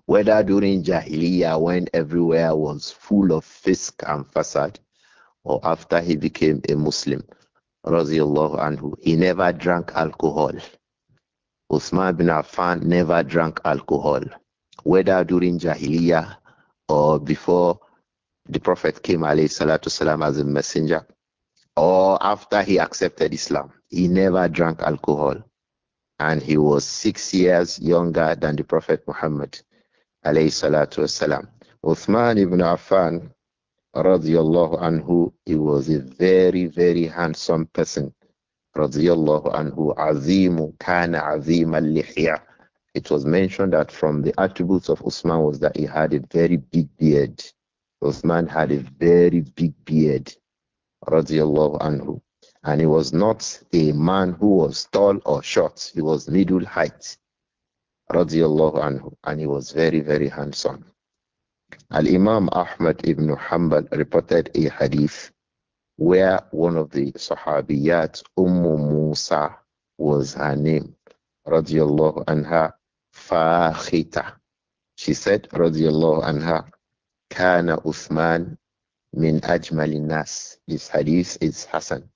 Whether during Jahiliyyah when everywhere was full of fisk and facade, or after he became a Muslim, radiallahu anhu, he never drank alcohol. Uthman bin Affan never drank alcohol, whether during Jahiliyyah or before the Prophet came والسلام, as a messenger or after he accepted Islam. He never drank alcohol. And he was six years younger than the Prophet Muhammad. والسلام. Uthman ibn Affan radiallahu anhu, he was a very, very handsome person. Radiallahu anhu, azimu kana azim al It was mentioned that from the attributes of Usman was that he had a very big beard. Usman had a very big beard. Radiallahu anhu. And he was not a man who was tall or short. He was middle height. Radiallahu anhu. And he was very, very handsome. Al Imam Ahmad ibn Hanbal reported a hadith where one of the Sahabiyat, Umm Musa, was her name, radiallahu anha, Fakhita. She said, radiallahu anha, Kana Uthman min ajmal nas. This hadith is Hassan.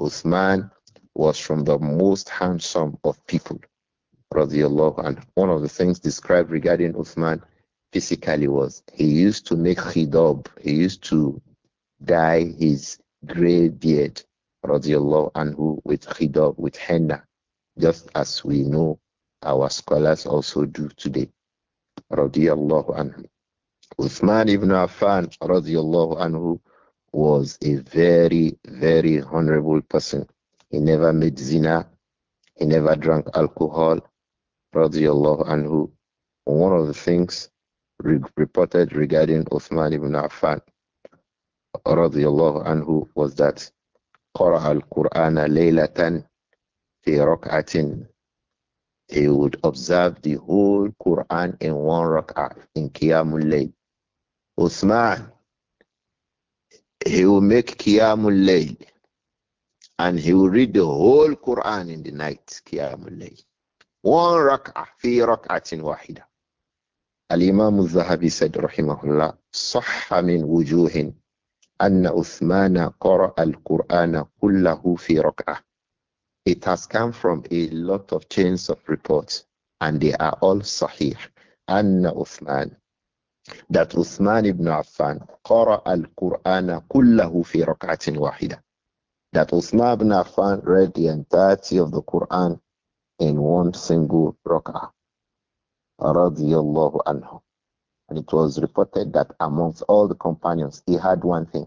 Uthman was from the most handsome of people, radiallahu Anha. One of the things described regarding Uthman physically was he used to make khidab, he used to dye his gray beard, radiallahu anhu, with khidab, with henna, just as we know our scholars also do today, radiallahu anhu. Uthman ibn Affan, radiallahu anhu, was a very, very honorable person. He never made zina, he never drank alcohol, radiallahu anhu. One of the things reported regarding Uthman ibn Affan radiallahu anhu was that قرأ القرآن ليلة في ركعة he would observe the whole Quran in one rak'ah in Qiyamul Layl. Uthman, he would make Qiyamul Layl and he would read the whole Quran in the night, Qiyamul Layl. One rak'ah, fi rak'atin wahida. الإمام الذهبي said رحمه الله صح من وجوه أن عثمان قرأ القرآن كله في ركعة It has come from a lot of chains of reports and they are all sahih أن عثمان that Uthman ibn Affan قرأ القرآن كله في ركعة واحدة that Uthman ibn Affan read the entirety of the Quran in one single rak'ah radiallahu anhu. And it was reported that amongst all the companions, he had one thing.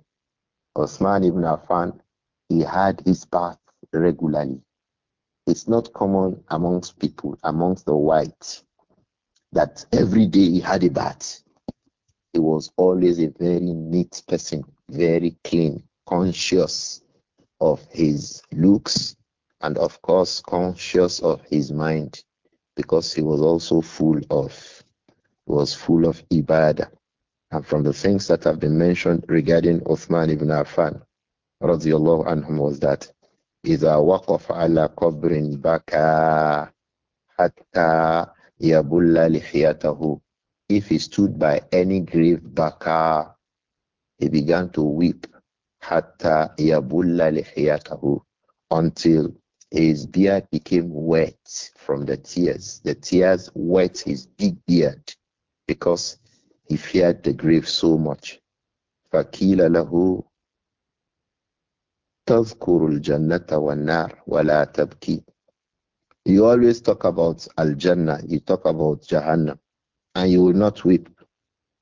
Osman ibn Affan, he had his bath regularly. It's not common amongst people, amongst the whites, that every day he had a bath. He was always a very neat person, very clean, conscious of his looks, and of course, conscious of his mind because he was also full of was full of ibadah. And from the things that have been mentioned regarding Uthman ibn Affan, radiallahu anhum, was that إذا وقف على قبر بكى حتى يبل لحيته If he stood by any grave baka, he began to weep حتى يبل لحيته until his beard became wet from the tears. The tears wet his big beard because he feared the grave so much. فَقِيلَ لَهُ تَذْكُرُ الْجَنَّةَ وَالنَّارَ وَلَا تَبْكِي You always talk about Al-Jannah, you talk about Jahannam, and you will not weep.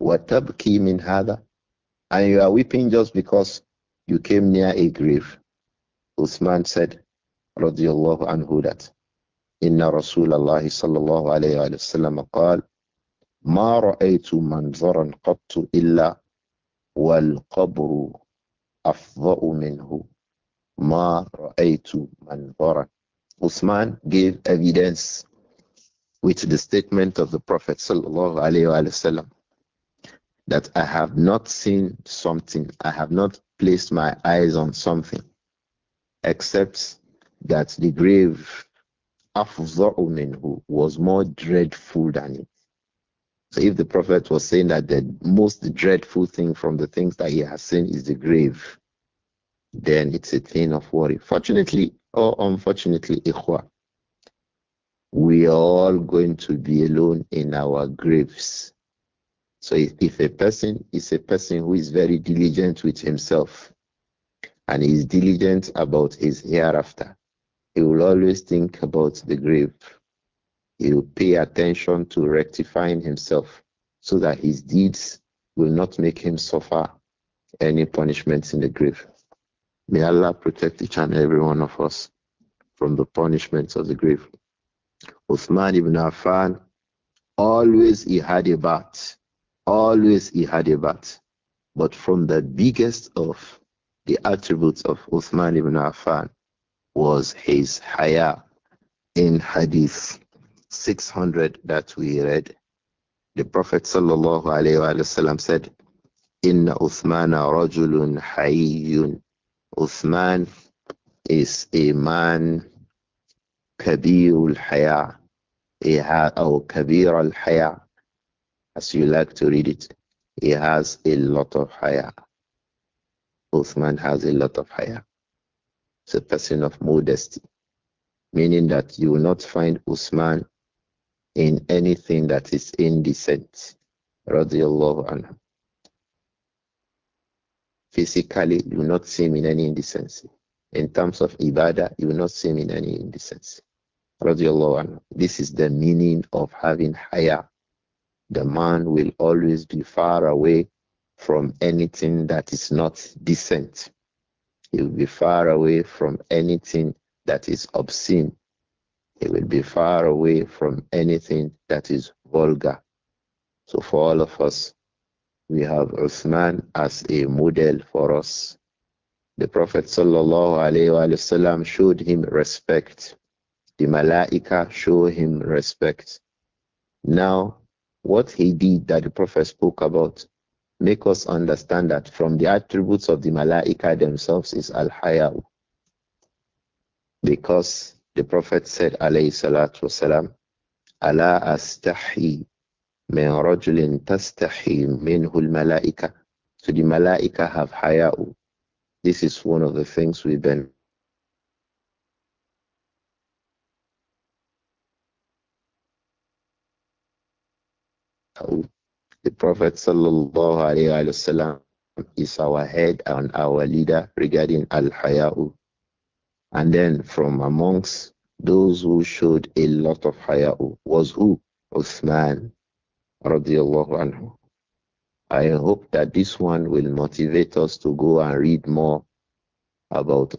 وَتَبْكِي مِنْ هَذَا And you are weeping just because you came near a grave. Usman said, radiallahu anhu that إن رسول الله صلى الله عليه وسلم قال ما رأيت منظرا قط إلا والقبر أفضأ منه ما رأيت منظرا Usman gave evidence with the statement of the Prophet sallallahu alaihi wasallam that I have not seen something, I have not placed my eyes on something except that the grave of minhu was more dreadful than it. So if the Prophet was saying that the most dreadful thing from the things that he has seen is the grave, then it's a thing of worry. Fortunately or unfortunately, ikhwa, we are all going to be alone in our graves. So if a person is a person who is very diligent with himself and is diligent about his hereafter, he will always think about the grave. He will pay attention to rectifying himself so that his deeds will not make him suffer any punishments in the grave. May Allah protect each and every one of us from the punishments of the grave. Uthman ibn Affan, always he had a bat. Always he had a bat. But from the biggest of the attributes of Uthman ibn Affan was his haya in hadith 600 that we read the prophet sallallahu alaihi wasallam said in uthmana rajulun hayyun uthman is a man kabirul haya or kabir al haya as you like to read it he has a lot of haya uthman has a lot of haya is a person of modesty, meaning that you will not find Usman in anything that is indecent. Physically, you will not see him in any indecency. In terms of ibadah, you will not see him in any indecency. This is the meaning of having haya. The man will always be far away from anything that is not decent. He will be far away from anything that is obscene. He will be far away from anything that is vulgar. So for all of us, we have Uthman as a model for us. The Prophet showed him respect. The Malaika showed him respect. Now, what he did that the Prophet spoke about, make us understand that from the attributes of the Malaika themselves is Al Hayaw. Because the Prophet said, alayhi salatu wasalam, Allah astahi min rajulin tastahi minhu al-malaika. So the malaika have hayaw. This is one of the things we've been the Prophet وسلم, is our head and our leader regarding Al Haya'u. And then from amongst those who showed a lot of Haya'u was who? Uthman anhu. I hope that this one will motivate us to go and read more about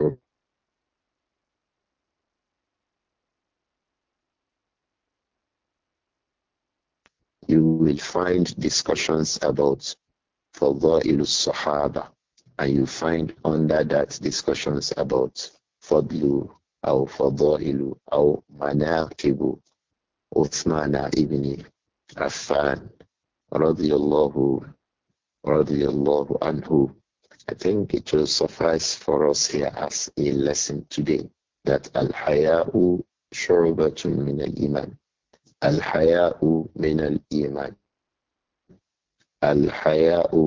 you will find discussions about Fadlul Sahaba, and you find under that discussions about Fadlu or Fadha'ilu or Manaqibu Uthman ibn Affan radiyallahu radiyallahu anhu. I think it will suffice for us here as a lesson today that al-haya'u shu'batun min al-iman. Al-haya'u min al خيرٌ Al-haya'u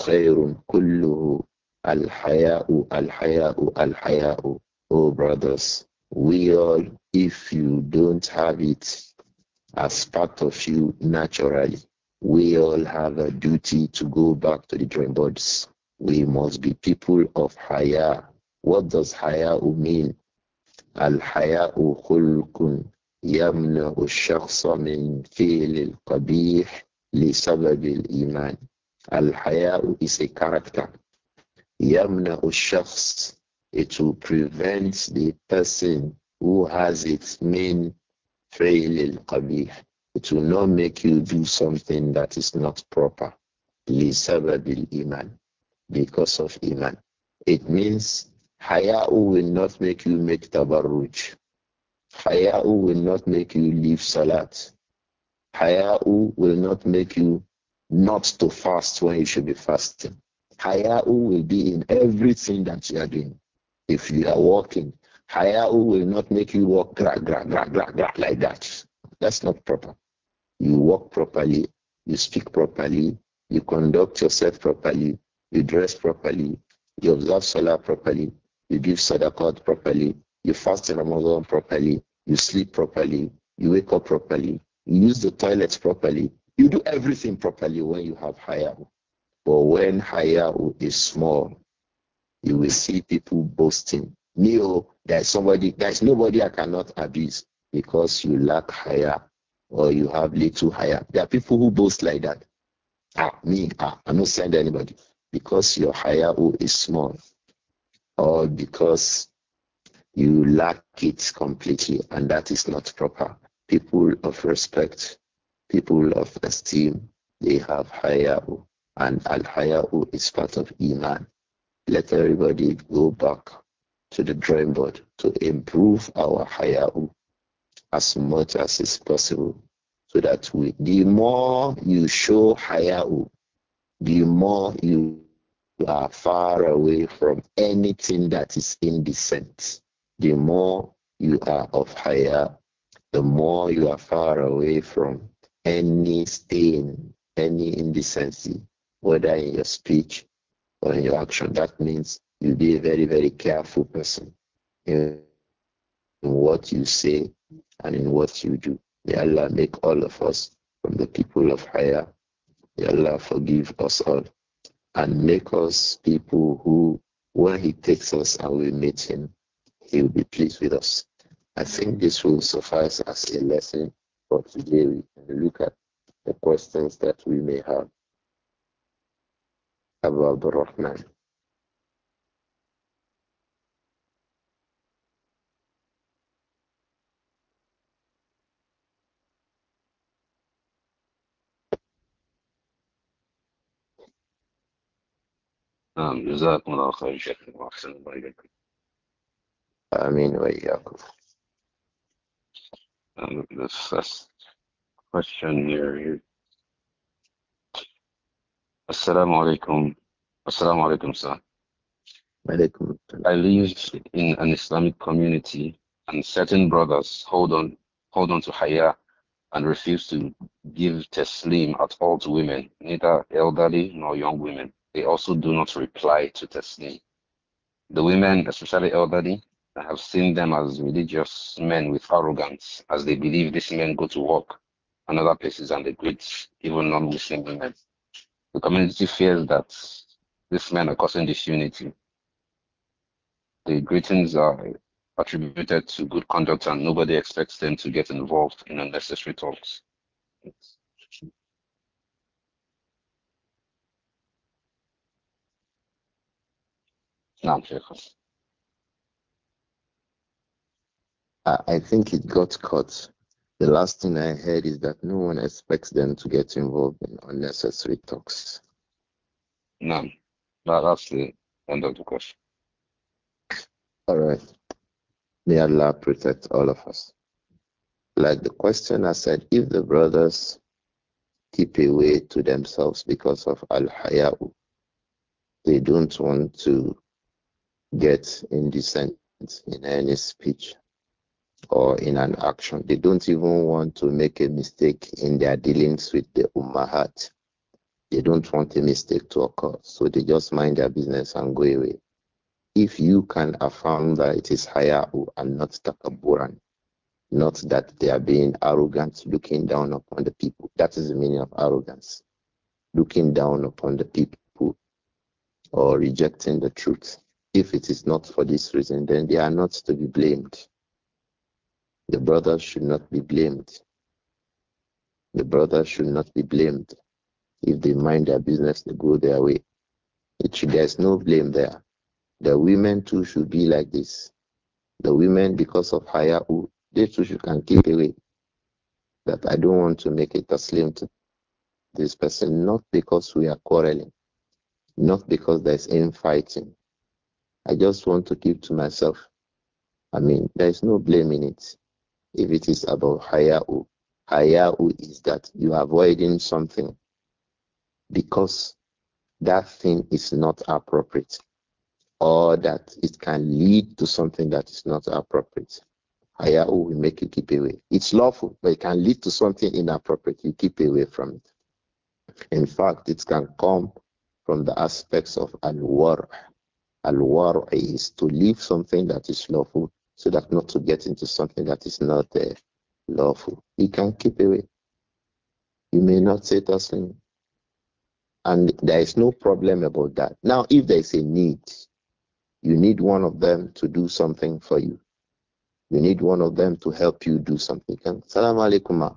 khayrun kulluhu. Al-haya'u, Oh brothers, we all, if you don't have it as part of you naturally, we all have a duty to go back to the dream boards. We must be people of haya. What does haya mean? Al haya'u يمنع الشخص من فعل القبيح لسبب الإيمان الحياء is a character يمنع الشخص it will prevent the person who has its main فعل القبيح it will not make you do something that is not proper لسبب iman, because of iman it means Haya'u will not make you make tabarruj Haya'u will not make you leave Salat. Haya'u will not make you not to fast when you should be fasting. Haya'u will be in everything that you are doing. If you are walking, Haya'u will not make you walk gra, gra, gra, gra, gra, like that. That's not proper. You walk properly, you speak properly, you conduct yourself properly, you dress properly, you observe Salah properly, you give Sadaqat properly, you fast in Ramadan properly, you sleep properly, you wake up properly, you use the toilets properly, you do everything properly when you have higher. But when higher is small, you will see people boasting. Me, oh, there's somebody, there's nobody I cannot abuse because you lack higher or you have little higher. There are people who boast like that. Ah, me, ah, I'm not send anybody because your higher is small or because you lack it completely, and that is not proper. People of respect, people of esteem, they have haya'u, and al haya'u is part of iman. Let everybody go back to the drawing board to improve our haya'u as much as is possible, so that we, the more you show haya'u, the more you are far away from anything that is indecent the more you are of higher, the more you are far away from any stain, any indecency, whether in your speech or in your action. That means you be a very, very careful person in, what you say and in what you do. May Allah make all of us from the people of higher. May Allah forgive us all and make us people who, when He takes us and we meet Him, he will be pleased with us. I think this will suffice as a lesson for today. We can look at the questions that we may have about the Rahman. نعم جزاكم wait, وإياكم. Um, this last question here. Assalamu alaikum. Assalamu alaikum, sir. I live in an Islamic community and certain brothers hold on hold on to haya and refuse to give taslim at all to women, neither elderly nor young women. They also do not reply to taslim. The women, especially elderly, I have seen them as religious men with arrogance, as they believe these men go to work and other places and the greet even non Muslim women. The community feels that these men are causing disunity. The greetings are attributed to good conduct and nobody expects them to get involved in unnecessary talks. نعم I, think it got caught. The last thing I heard is that no one expects them to get involved in unnecessary talks. None. No, that's the end of the question. All right. May Allah protect all of us. Like the questioner said, if the brothers keep away to themselves because of al hayau, they don't want to get indecent in any speech or in an action. They don't even want to make a mistake in their dealings with the Ummahat. They don't want a mistake to occur, so they just mind their business and go away. If you can affirm that it is Hayau and not Takaburan, not that they are being arrogant, looking down upon the people. That is the meaning of arrogance, looking down upon the people or rejecting the truth. If it is not for this reason, then they are not to be blamed the brother should not be blamed. The brother should not be blamed. If they mind their business, they go their way. Should, there's no blame there. The women too should be like this. The women, because of higher they too should can keep away. That I don't want to make it a slim to this person, not because we are quarreling, not because there's infighting. I just want to keep to myself. I mean, there's no blame in it if it is about haya'u. Haya'u is that you are avoiding something because that thing is not appropriate or that it can lead to something that is not appropriate. Hayao will make you keep away. It's lawful, but it can lead to something inappropriate. You keep away from it. In fact, it can come from the aspects of al-war. Al-war is to leave something that is lawful so that not to get into something that is not uh, lawful. You can keep away. You may not say thing, And there is no problem about that. Now, if there is a need, you need one of them to do something for you. You need one of them to help you do something. Salam alaikum.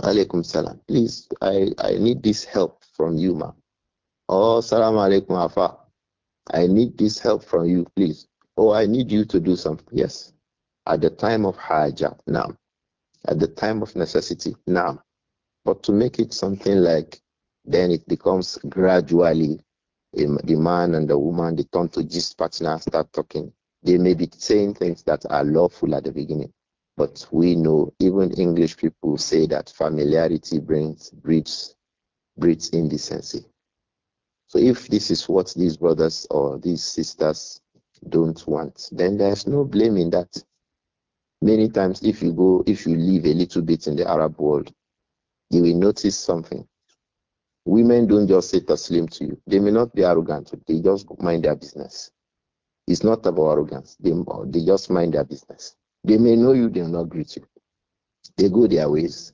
Alaikum salam. Please, I, I need this help from you, ma. Oh, salam alaikum afa. I need this help from you, please. Oh, I need you to do something. Yes. At the time of haja, now. At the time of necessity, now. But to make it something like, then it becomes gradually the man and the woman, they turn to this partner, start talking. They may be saying things that are lawful at the beginning. But we know even English people say that familiarity brings breeds breeds indecency. So if this is what these brothers or these sisters don't want, then there's no blame in that. Many times, if you go, if you live a little bit in the Arab world, you will notice something. Women don't just say slim to you. They may not be arrogant. They just mind their business. It's not about arrogance. They, they just mind their business. They may know you, they will not greet you. They go their ways.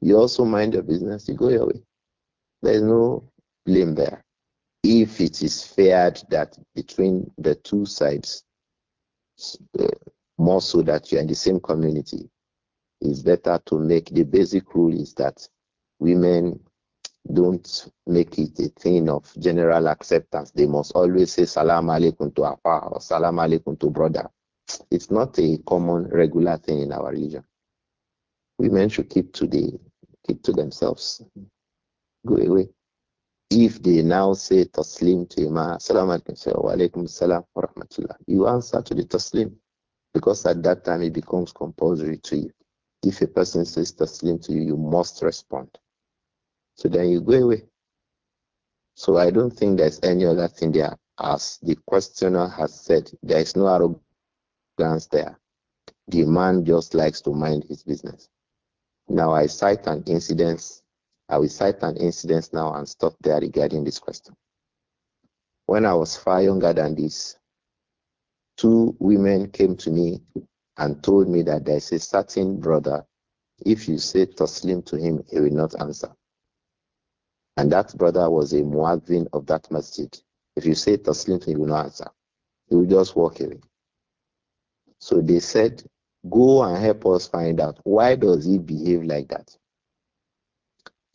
You also mind your business, you go your way. There's no blame there if it is feared that between the two sides, uh, more so that you are in the same community, it's better to make the basic rule is that women don't make it a thing of general acceptance. They must always say salam alaikum to apa or salam alaikum to brother. It's not a common regular thing in our religion. Women should keep to the keep to themselves. Go away. If they now say taslim to Imam, salam alaikum, wa alaikum salam wa rahmatullah, you answer to the taslim because at that time it becomes compulsory to you. If a person says taslim to you, you must respond. So then you go away. So I don't think there's any other thing there. As the questioner has said, there is no arrogance there. The man just likes to mind his business. Now I cite an incident I will cite an incident now and stop there regarding this question. When I was far younger than this, two women came to me and told me that there is a certain brother. If you say Taslim to him, he will not answer. And that brother was a Muadvin of that masjid. If you say Taslim to him, he will not answer. He will just walk away. So they said, go and help us find out why does he behave like that?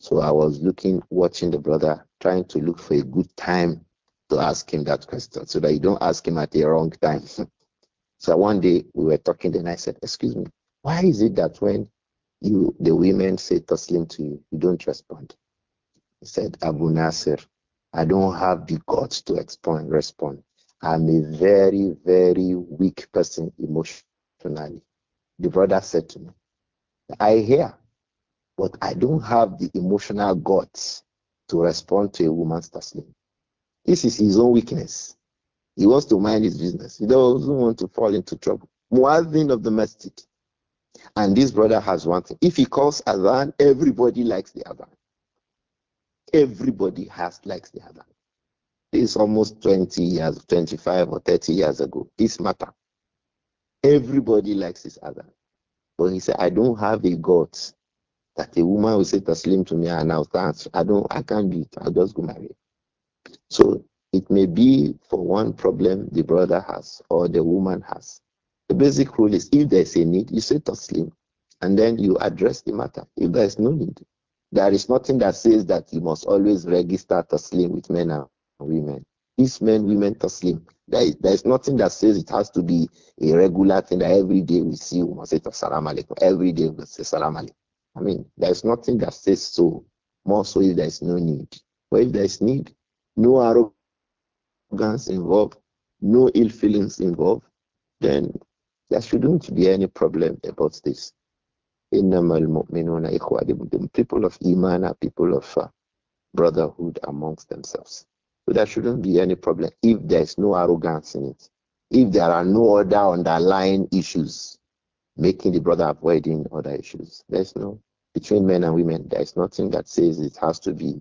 So I was looking, watching the brother, trying to look for a good time to ask him that question so that you don't ask him at the wrong time. so one day we were talking, and I said, Excuse me, why is it that when you the women say tussling to you, you don't respond? He said, Abu Nasir, I don't have the guts to expond, respond. I'm a very, very weak person emotionally. The brother said to me, I hear but I don't have the emotional guts to respond to a woman's taslim. This is his own weakness. He wants to mind his business. He doesn't want to fall into trouble. Muazzin of the masjid. And this brother has one thing. If he calls Adhan, everybody likes the Adhan. Everybody has likes the Adhan. This is almost 20 years, 25 or 30 years ago. This matter. Everybody likes his Adhan. But he said, I don't have a God that a woman will say Taslim to me and I'll dance. I don't I can't do it. I'll just go marry. So it may be for one problem the brother has or the woman has. The basic rule is if there's a need, you say Taslim and then you address the matter. If there is no need, there is nothing that says that you must always register Taslim with men and women. These men, women, Taslim. There is, there is nothing that says it has to be a regular thing that every day we see, we must say Salam Alaikum. Every day we say Salam Alaikum. I mean, there's nothing that says so, more so if there's no need. But if there's need, no arrogance involved, no ill feelings involved, then there shouldn't be any problem about this. The people of Iman are people of uh, brotherhood amongst themselves. So there shouldn't be any problem if there's no arrogance in it. If there are no other underlying issues making the brother avoiding other issues. There's no between men and women. There is nothing that says it has to be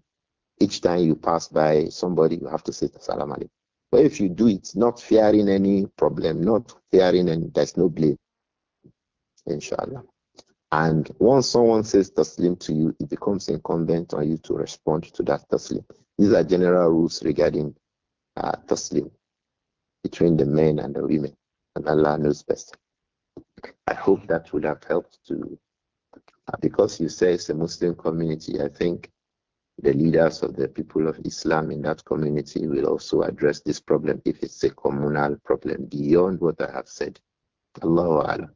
each time you pass by somebody you have to say salam alaikum. But if you do it, not fearing any problem, not fearing and there's no blame, inshallah. And once someone says taslim to you, it becomes incumbent on you to respond to that taslim. These are general rules regarding uh, taslim between the men and the women, and Allah knows best. I hope mm-hmm. that would have helped to, because you say it's a Muslim community, I think the leaders of the people of Islam in that community will also address this problem if it's a communal problem beyond what I have said. Allahu Alam.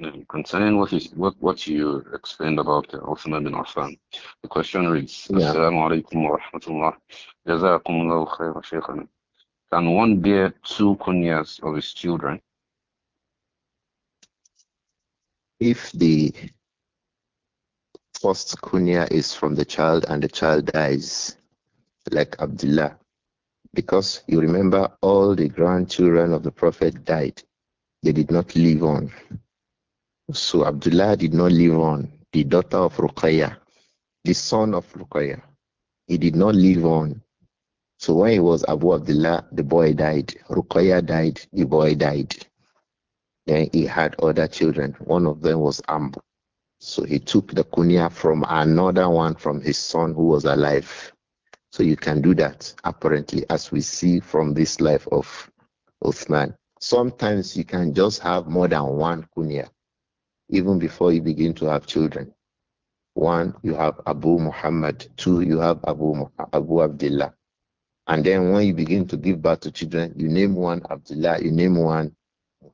Mm, concerning what, is, what, what you explained about the in bin Affan, the question reads, yeah. Assalamu alaikum wa rahmatullah, shaykhana. Can one bear two kunyas of his children? If the first kunya is from the child and the child dies, like Abdullah, because you remember all the grandchildren of the Prophet died, they did not live on so Abdullah did not live on. The daughter of Rukaya, the son of Rukaya. he did not live on. So when he was Abu Abdullah, the boy died. Rukaya died, the boy died. Then he had other children. One of them was Ambo. So he took the kunya from another one from his son who was alive. So you can do that, apparently, as we see from this life of Uthman. Sometimes you can just have more than one kunya even before you begin to have children. One, you have Abu Muhammad. Two, you have Abu, Abu Abdullah. And then when you begin to give birth to children, you name one Abdullah, you name one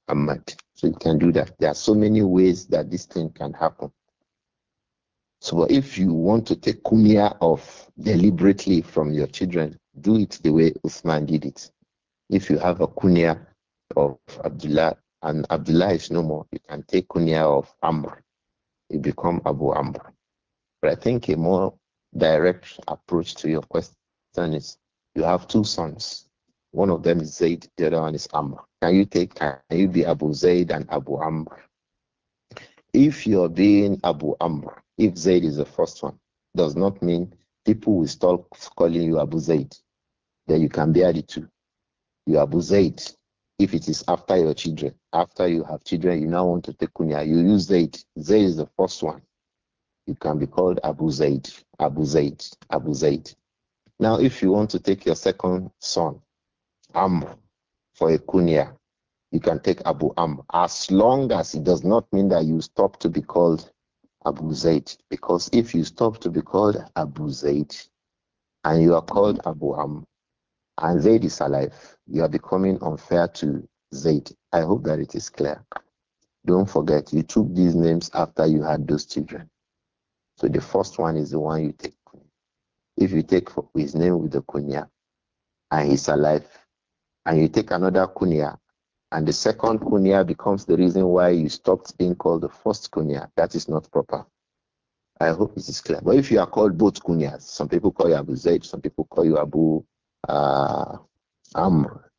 Muhammad. So you can do that. There are so many ways that this thing can happen. So if you want to take kunya off deliberately from your children, do it the way Uthman did it. If you have a kunya of Abdullah, and Abdullah is no more, you can take kunya of Amr. You become Abu Amr. But I think a more direct approach to your question is you have two sons. One of them is Zaid, the other one is Amr. Can you take can you be Abu Zaid and Abu Amr? If you're being Abu Amr, if Zaid is the first one, does not mean people will stop calling you Abu Zaid. Then you can be the two. You Abu Zaid, if it is after your children, after you have children, you now want to take kunya, you use Zaid. Zaid is the first one. You can be called Abu Zaid, Abu Zaid, Abu Zaid. Now, if you want to take your second son, Amr, for a kunya, you can take Abu Amr, as long as it does not mean that you stop to be called Abu Zaid. Because if you stop to be called Abu Zaid, and you are called Abu Am, and Zaid is alive, you are becoming unfair to Zaid. I hope that it is clear. Don't forget, you took these names after you had those children. So the first one is the one you take. If you take his name with the kunya and he's alive, and you take another kunya, and the second kunya becomes the reason why you stopped being called the first kunya, that is not proper. I hope this is clear. But if you are called both kunyas, some people call you Abu Zaid, some people call you Abu uh, ah, amr.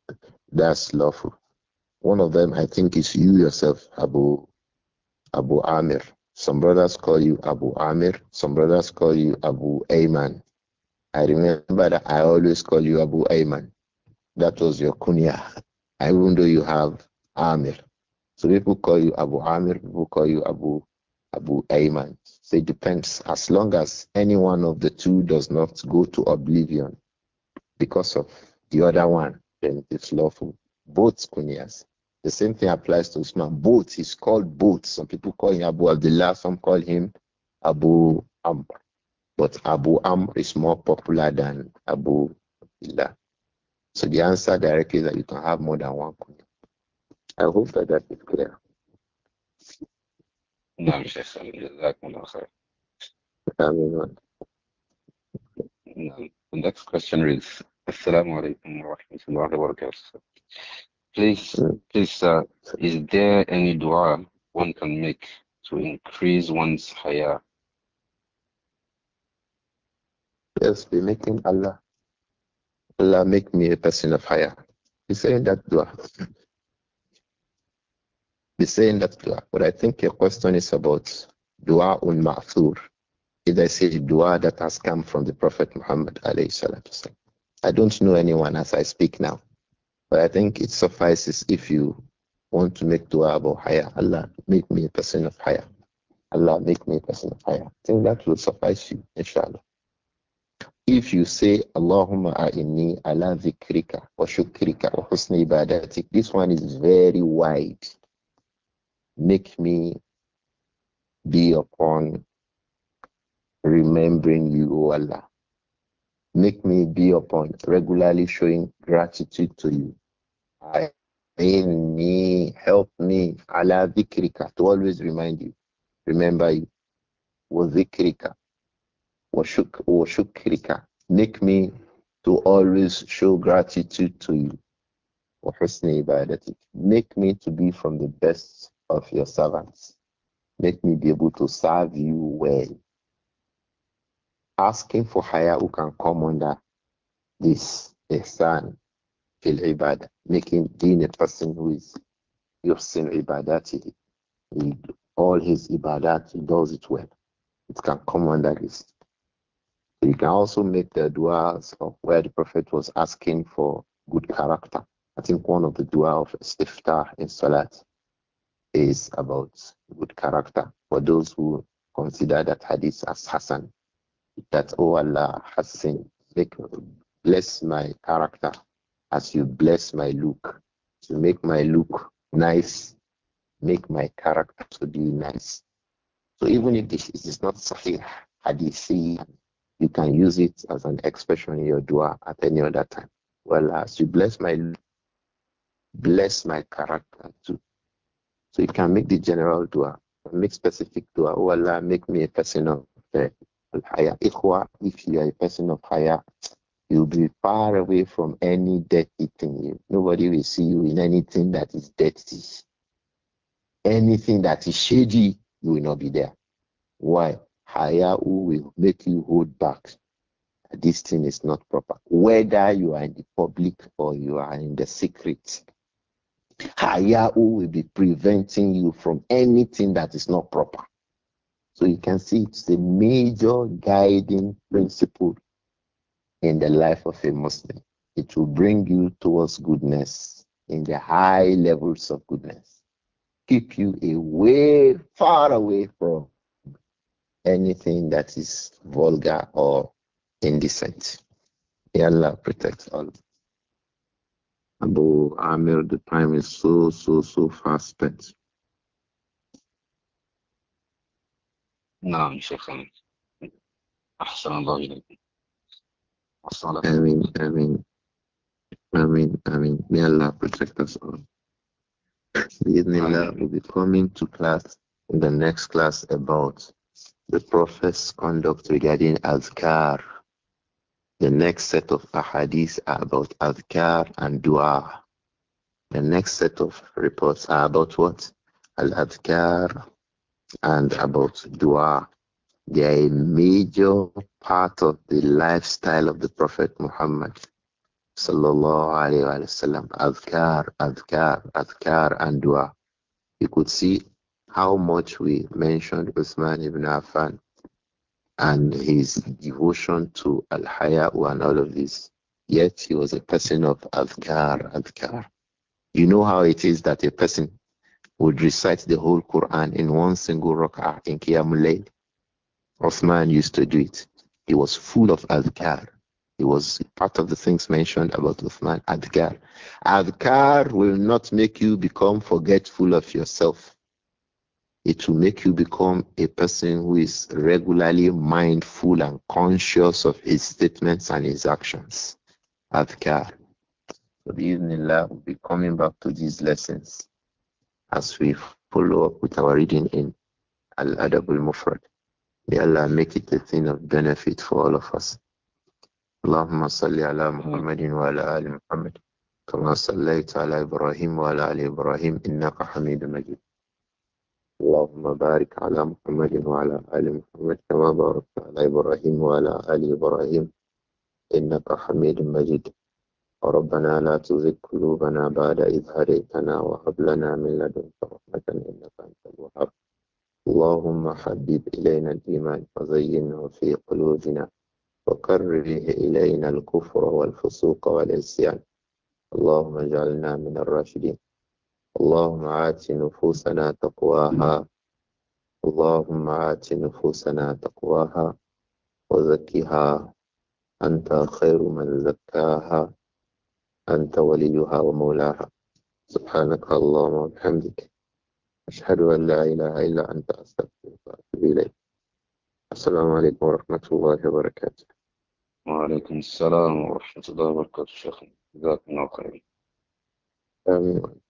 That's lawful. One of them, I think, is you yourself, Abu Abu Amir. Some brothers call you Abu Amir. Some brothers call you Abu Ayman. I remember that I always call you Abu Ayman. That was your kunya, even though you have Amir. So people call you Abu Amir. People call you Abu Abu Ayman. So it depends. As long as any one of the two does not go to oblivion, because of the other one, then it's lawful. Both kunyas. The same thing applies to Usman. Both, is called both. Some people call him Abu Abdullah, some call him Abu Amr. But Abu Amr is more popular than Abu Abdullah. So the answer directly is that you can have more than one kunya. I hope that that is clear. نعم شيخ the next question reads, Assalamualaikum warahmatullahi wa rahmatullahi wa barakatuh. Please, please, is there any dua one can make to increase one's haya? Yes, be making Allah. Allah make me a person of haya. Be saying that dua. Be saying that dua. But I think your question is about dua un ma'thur say a dua that has come from the Prophet Muhammad. I don't know anyone as I speak now, but I think it suffices if you want to make dua about higher. Allah, make me a person of higher. Allah, make me a person of higher. I think that will suffice you, inshallah. If you say, Allahumma a'inni ala dhikrika wa shukrika wa husni ibadatik, this one is very wide. Make me be upon remembering you, O Allah. Make me be upon regularly showing gratitude to you. I in me, help me, Allah dhikrika, to always remind you, remember you, wa dhikrika, wa shukrika, make me to always show gratitude to you, wa husni ibadatik, make me to be from the best of your servants, make me be able to serve you well, asking for higher who can come under this ihsan fil ibadah, making being a person who is seen ibadatihi. All his ibadat, he does it well. It can come under this. You can also make the du'as of where the Prophet was asking for good character. I think one of the dua of istiftah in Salat is about good character for those who consider that hadith as Hassan that, oh Allah, Hassan, make, bless my character as you bless my look. To make my look nice, make my character to be nice. So even if this is not something Hadithi, you can use it as an expression in your dua at any other time. Well, as you bless my bless my character too. So you can make the general dua, make specific dua. Oh Allah, make me a person of higher ikhwa, if you are a person of higher, you'll be far away from any dirty thing. Nobody will see you in anything that is dirty. Anything that is shady, you will not be there. Why? Higher will make you hold back. This thing is not proper. Whether you are in the public or you are in the secret, who will be preventing you from anything that is not proper. So you can see it's a major guiding principle in the life of a Muslim. It will bring you towards goodness in the high levels of goodness, keep you away, far away from anything that is vulgar or indecent. May Allah protect all. Abu Amir, the time is so, so, so fast spent. نعم شيخنا أحسن الله إليكم الصلاة آمين آمين Amen, Amen. May Allah protect us all. Bismillah, we'll be coming to class in the next class about the Prophet's conduct regarding Azkar. The next set of ahadith are about Azkar and Dua. The next set of reports are about what? Al Azkar and about dua. They are a major part of the lifestyle of the Prophet Muhammad. Sallallahu Alaihi Wasallam. Azkar, azkar, azkar, and dua. You could see how much we mentioned Uthman ibn Affan and his devotion to Al haya and all of this. Yet he was a person of azkar, azkar. You know how it is that a person would recite the whole Quran in one single rak'ah in Qiyamul Layl. Uthman used to do it. He was full of adhkar. It was part of the things mentioned about Uthman, adhkar. Adhkar will not make you become forgetful of yourself. It will make you become a person who is regularly mindful and conscious of his statements and his actions. Adhkar. So, the evening, we'll be coming back to these lessons as we follow up with our reading in Al Adabul Mufrad. May Allah make it a thing of benefit for all of us. اللهم صل على محمد وعلى آل محمد كما صليت على إبراهيم وعلى آل إبراهيم إنك حميد مجيد اللهم بارك على محمد وعلى آل محمد كما باركت على إبراهيم وعلى آل إبراهيم إنك حميد مجيد ربنا لا تزغ قلوبنا بعد إذ هديتنا وهب لنا من لدنك رحمة إنك أنت الوهاب اللهم حبب إلينا الإيمان وزينه في قلوبنا وكره إلينا الكفر والفسوق والعصيان اللهم اجعلنا من الراشدين اللهم آت نفوسنا تقواها اللهم آت نفوسنا تقواها وزكها أنت خير من زكاها أنت وليها ومولاها سبحانك اللهم وبحمدك أشهد أن لا إله إلا أنت أستغفرك وأتوب إليك السلام عليكم ورحمة الله وبركاته وعليكم السلام ورحمة الله وبركاته شيخنا جزاكم الله خيرا آمين